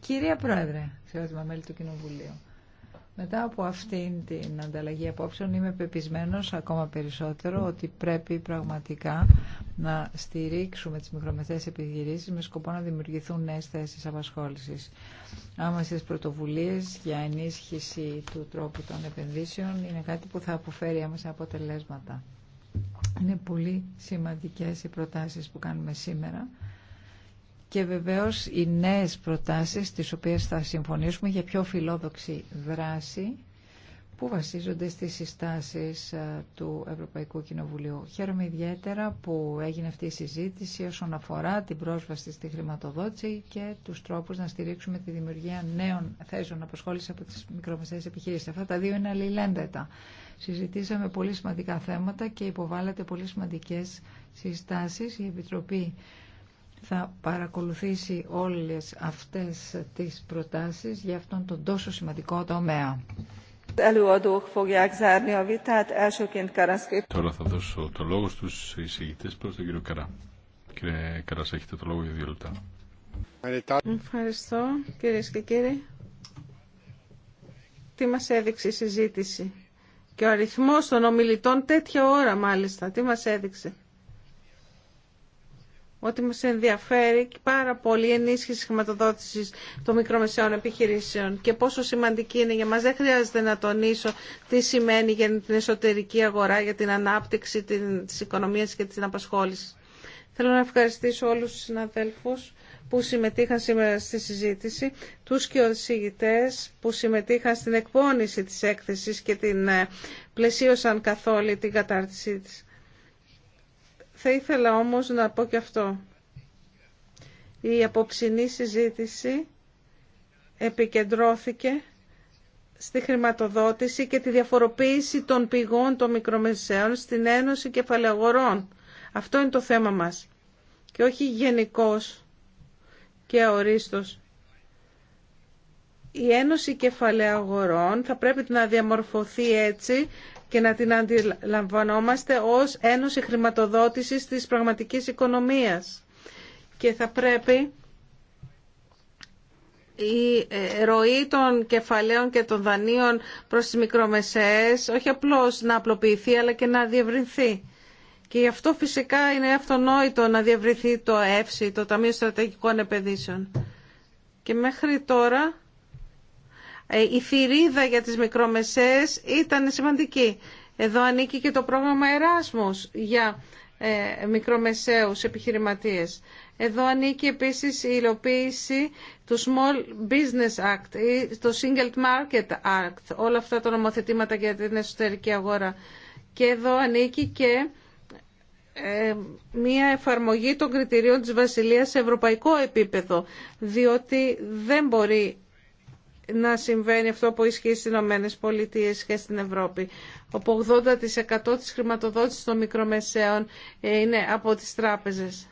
Κυρία Πρόεδρε, ξέρετε μέλη του Κοινοβουλίου. Μετά από αυτήν την ανταλλαγή απόψεων είμαι πεπισμένος ακόμα περισσότερο ότι πρέπει πραγματικά να στηρίξουμε τις μικρομεσαίες επιχειρήσεις με σκοπό να δημιουργηθούν νέες θέσεις απασχόλησης. Άμεσες πρωτοβουλίες για ενίσχυση του τρόπου των επενδύσεων είναι κάτι που θα αποφέρει άμεσα αποτελέσματα. Είναι πολύ σημαντικές οι προτάσεις που κάνουμε σήμερα και βεβαίως οι νέες προτάσεις τις οποίες θα συμφωνήσουμε για πιο φιλόδοξη δράση που βασίζονται στις συστάσεις του Ευρωπαϊκού Κοινοβουλίου. Χαίρομαι ιδιαίτερα που έγινε αυτή η συζήτηση όσον αφορά την πρόσβαση στη χρηματοδότηση και τους τρόπους να στηρίξουμε τη δημιουργία νέων θέσεων απασχόληση από τις μικρομεσαίες επιχειρήσεις. Αυτά τα δύο είναι αλληλένδετα. Συζητήσαμε πολύ σημαντικά θέματα και υποβάλλατε πολύ σημαντικές συστάσεις. Η Επιτροπή θα παρακολουθήσει όλες αυτές τις προτάσεις για αυτόν τον τόσο σημαντικό τομέα. Τώρα θα δώσω το λόγο στους εισηγητές προς τον κύριο Καρά. Κύριε Καράς, έχετε το λόγο για δύο λεπτά. Ευχαριστώ κύριε και κύριοι. Τι μας έδειξε η συζήτηση. Και ο αριθμός των ομιλητών τέτοια ώρα μάλιστα. Τι μας έδειξε. Ότι μας ενδιαφέρει πάρα πολύ η ενίσχυση χρηματοδότησης των μικρομεσαίων επιχειρήσεων και πόσο σημαντική είναι για μας. Δεν χρειάζεται να τονίσω τι σημαίνει για την εσωτερική αγορά, για την ανάπτυξη της οικονομίας και της απασχόλησης. Θέλω να ευχαριστήσω όλους τους συναδέλφους που συμμετείχαν σήμερα στη συζήτηση, τους και που συμμετείχαν στην εκπόνηση της έκθεσης και την ε, πλαισίωσαν καθόλου την κατάρτισή της. Θα ήθελα όμως να πω και αυτό. Η απόψινή συζήτηση επικεντρώθηκε στη χρηματοδότηση και τη διαφοροποίηση των πηγών των μικρομεσαίων στην Ένωση Κεφαλαιογορών. Αυτό είναι το θέμα μας. Και όχι γενικός και ορίστος. Η Ένωση Κεφαλαίου Αγορών θα πρέπει να διαμορφωθεί έτσι και να την αντιλαμβανόμαστε ως ένωση χρηματοδότησης της πραγματικής οικονομίας. Και θα πρέπει η ροή των κεφαλαίων και των δανείων προς τις μικρομεσαίες όχι απλώς να απλοποιηθεί αλλά και να διευρυνθεί. Και γι' αυτό φυσικά είναι αυτονόητο να διευρυνθεί το ΕΦΣΥ, το Ταμείο Στρατηγικών Επενδύσεων. Και μέχρι τώρα η θηρίδα για τις μικρομεσαίες ήταν σημαντική. Εδώ ανήκει και το πρόγραμμα Εράσμος για ε, μικρομεσαίους επιχειρηματίες. Εδώ ανήκει επίσης η υλοποίηση του Small Business Act ή το Single Market Act, όλα αυτά τα νομοθετήματα για την εσωτερική αγορά. Και εδώ ανήκει και ε, μία εφαρμογή των κριτηρίων της Βασιλείας σε ευρωπαϊκό επίπεδο, διότι δεν μπορεί να συμβαίνει αυτό που ισχύει στις Ηνωμένε Πολιτείε και στην Ευρώπη. Όπου 80% της χρηματοδότησης των μικρομεσαίων ε, είναι από τις τράπεζες.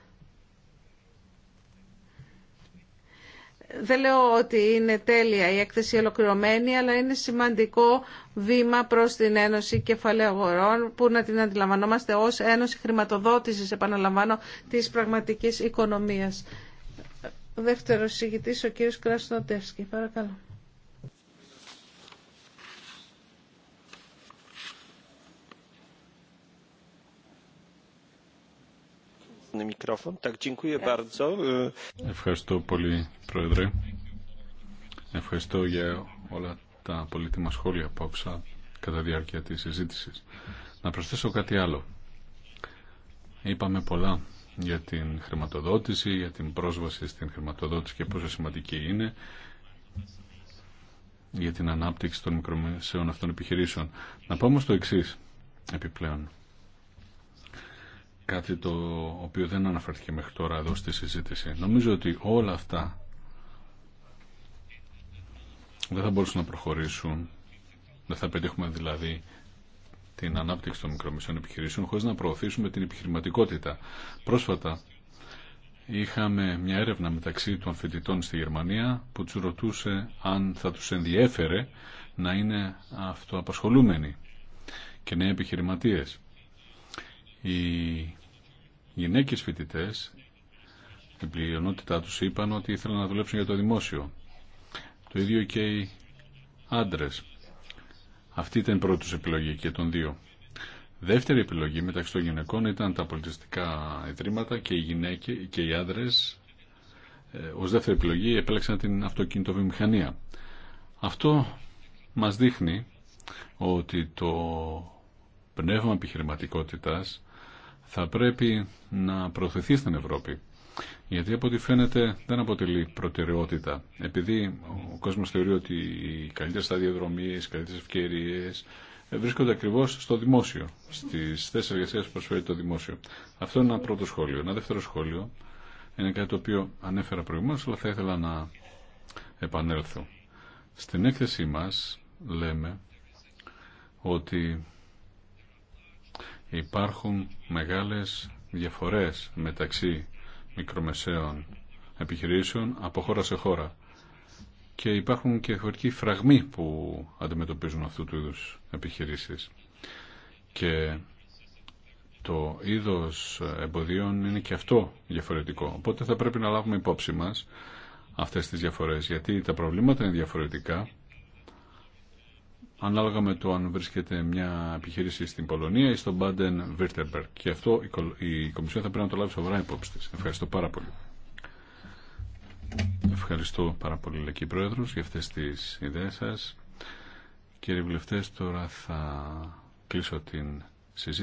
Δεν λέω ότι είναι τέλεια η έκθεση ολοκληρωμένη, αλλά είναι σημαντικό βήμα προς την Ένωση Κεφαλαίου Αγορών, που να την αντιλαμβανόμαστε ως Ένωση Χρηματοδότησης, επαναλαμβάνω, της πραγματικής οικονομίας. Δεύτερο συγητής, ο κύριος Κράσνοτεύσκη. Παρακαλώ. Ευχαριστώ πολύ, Πρόεδρε. Ευχαριστώ για όλα τα πολύτιμα σχόλια που άκουσα κατά διάρκεια της συζήτησης. Να προσθέσω κάτι άλλο. Είπαμε πολλά για την χρηματοδότηση, για την πρόσβαση στην χρηματοδότηση και πόσο σημαντική είναι για την ανάπτυξη των μικρομεσαίων αυτών επιχειρήσεων. Να πω στο το εξής επιπλέον κάτι το οποίο δεν αναφέρθηκε μέχρι τώρα εδώ στη συζήτηση. Νομίζω ότι όλα αυτά δεν θα μπορούσαν να προχωρήσουν, δεν θα πετύχουμε δηλαδή την ανάπτυξη των μικρομεσαίων επιχειρήσεων χωρίς να προωθήσουμε την επιχειρηματικότητα. Πρόσφατα είχαμε μια έρευνα μεταξύ των φοιτητών στη Γερμανία που τους ρωτούσε αν θα τους ενδιέφερε να είναι αυτοαπασχολούμενοι και νέοι επιχειρηματίες. Οι γυναίκες φοιτητέ, η πλειονότητά τους είπαν ότι ήθελαν να δουλέψουν για το δημόσιο. Το ίδιο και οι άντρες. Αυτή ήταν η πρώτη επιλογή και των δύο. Δεύτερη επιλογή μεταξύ των γυναικών ήταν τα πολιτιστικά ιδρύματα και οι γυναίκες και οι άντρες ε, ως δεύτερη επιλογή επέλεξαν την αυτοκινητοβιομηχανία. Αυτό μας δείχνει ότι το πνεύμα επιχειρηματικότητας θα πρέπει να προωθηθεί στην Ευρώπη. Γιατί από ό,τι φαίνεται δεν αποτελεί προτεραιότητα. Επειδή ο κόσμος θεωρεί ότι οι καλύτερες σταδιοδρομίες, οι καλύτερες ευκαιρίες ε, βρίσκονται ακριβώς στο δημόσιο, στις θέσεις εργασίας που προσφέρει το δημόσιο. Αυτό είναι ένα πρώτο σχόλιο. Ένα δεύτερο σχόλιο είναι κάτι το οποίο ανέφερα προηγουμένως, αλλά θα ήθελα να επανέλθω. Στην έκθεσή μας λέμε ότι Υπάρχουν μεγάλες διαφορές μεταξύ μικρομεσαίων επιχειρήσεων από χώρα σε χώρα και υπάρχουν και διαφορετικοί φραγμοί που αντιμετωπίζουν αυτού του είδους επιχειρήσεις. Και το είδος εμποδίων είναι και αυτό διαφορετικό. Οπότε θα πρέπει να λάβουμε υπόψη μας αυτές τις διαφορές, γιατί τα προβλήματα είναι διαφορετικά ανάλογα με το αν βρίσκεται μια επιχείρηση στην Πολωνία ή στον Μπάντεν Βίρτεμπεργκ. Και αυτό η στον μπαντεν βιρτεμπερκ και αυτο η κομισιον θα πρέπει να το λάβει σοβαρά υπόψη της. Ευχαριστώ πάρα πολύ. Ευχαριστώ πάρα πολύ, Λεκή Πρόεδρος, για αυτές τις ιδέες σας. Κύριοι βουλευτές, τώρα θα κλείσω την συζήτηση.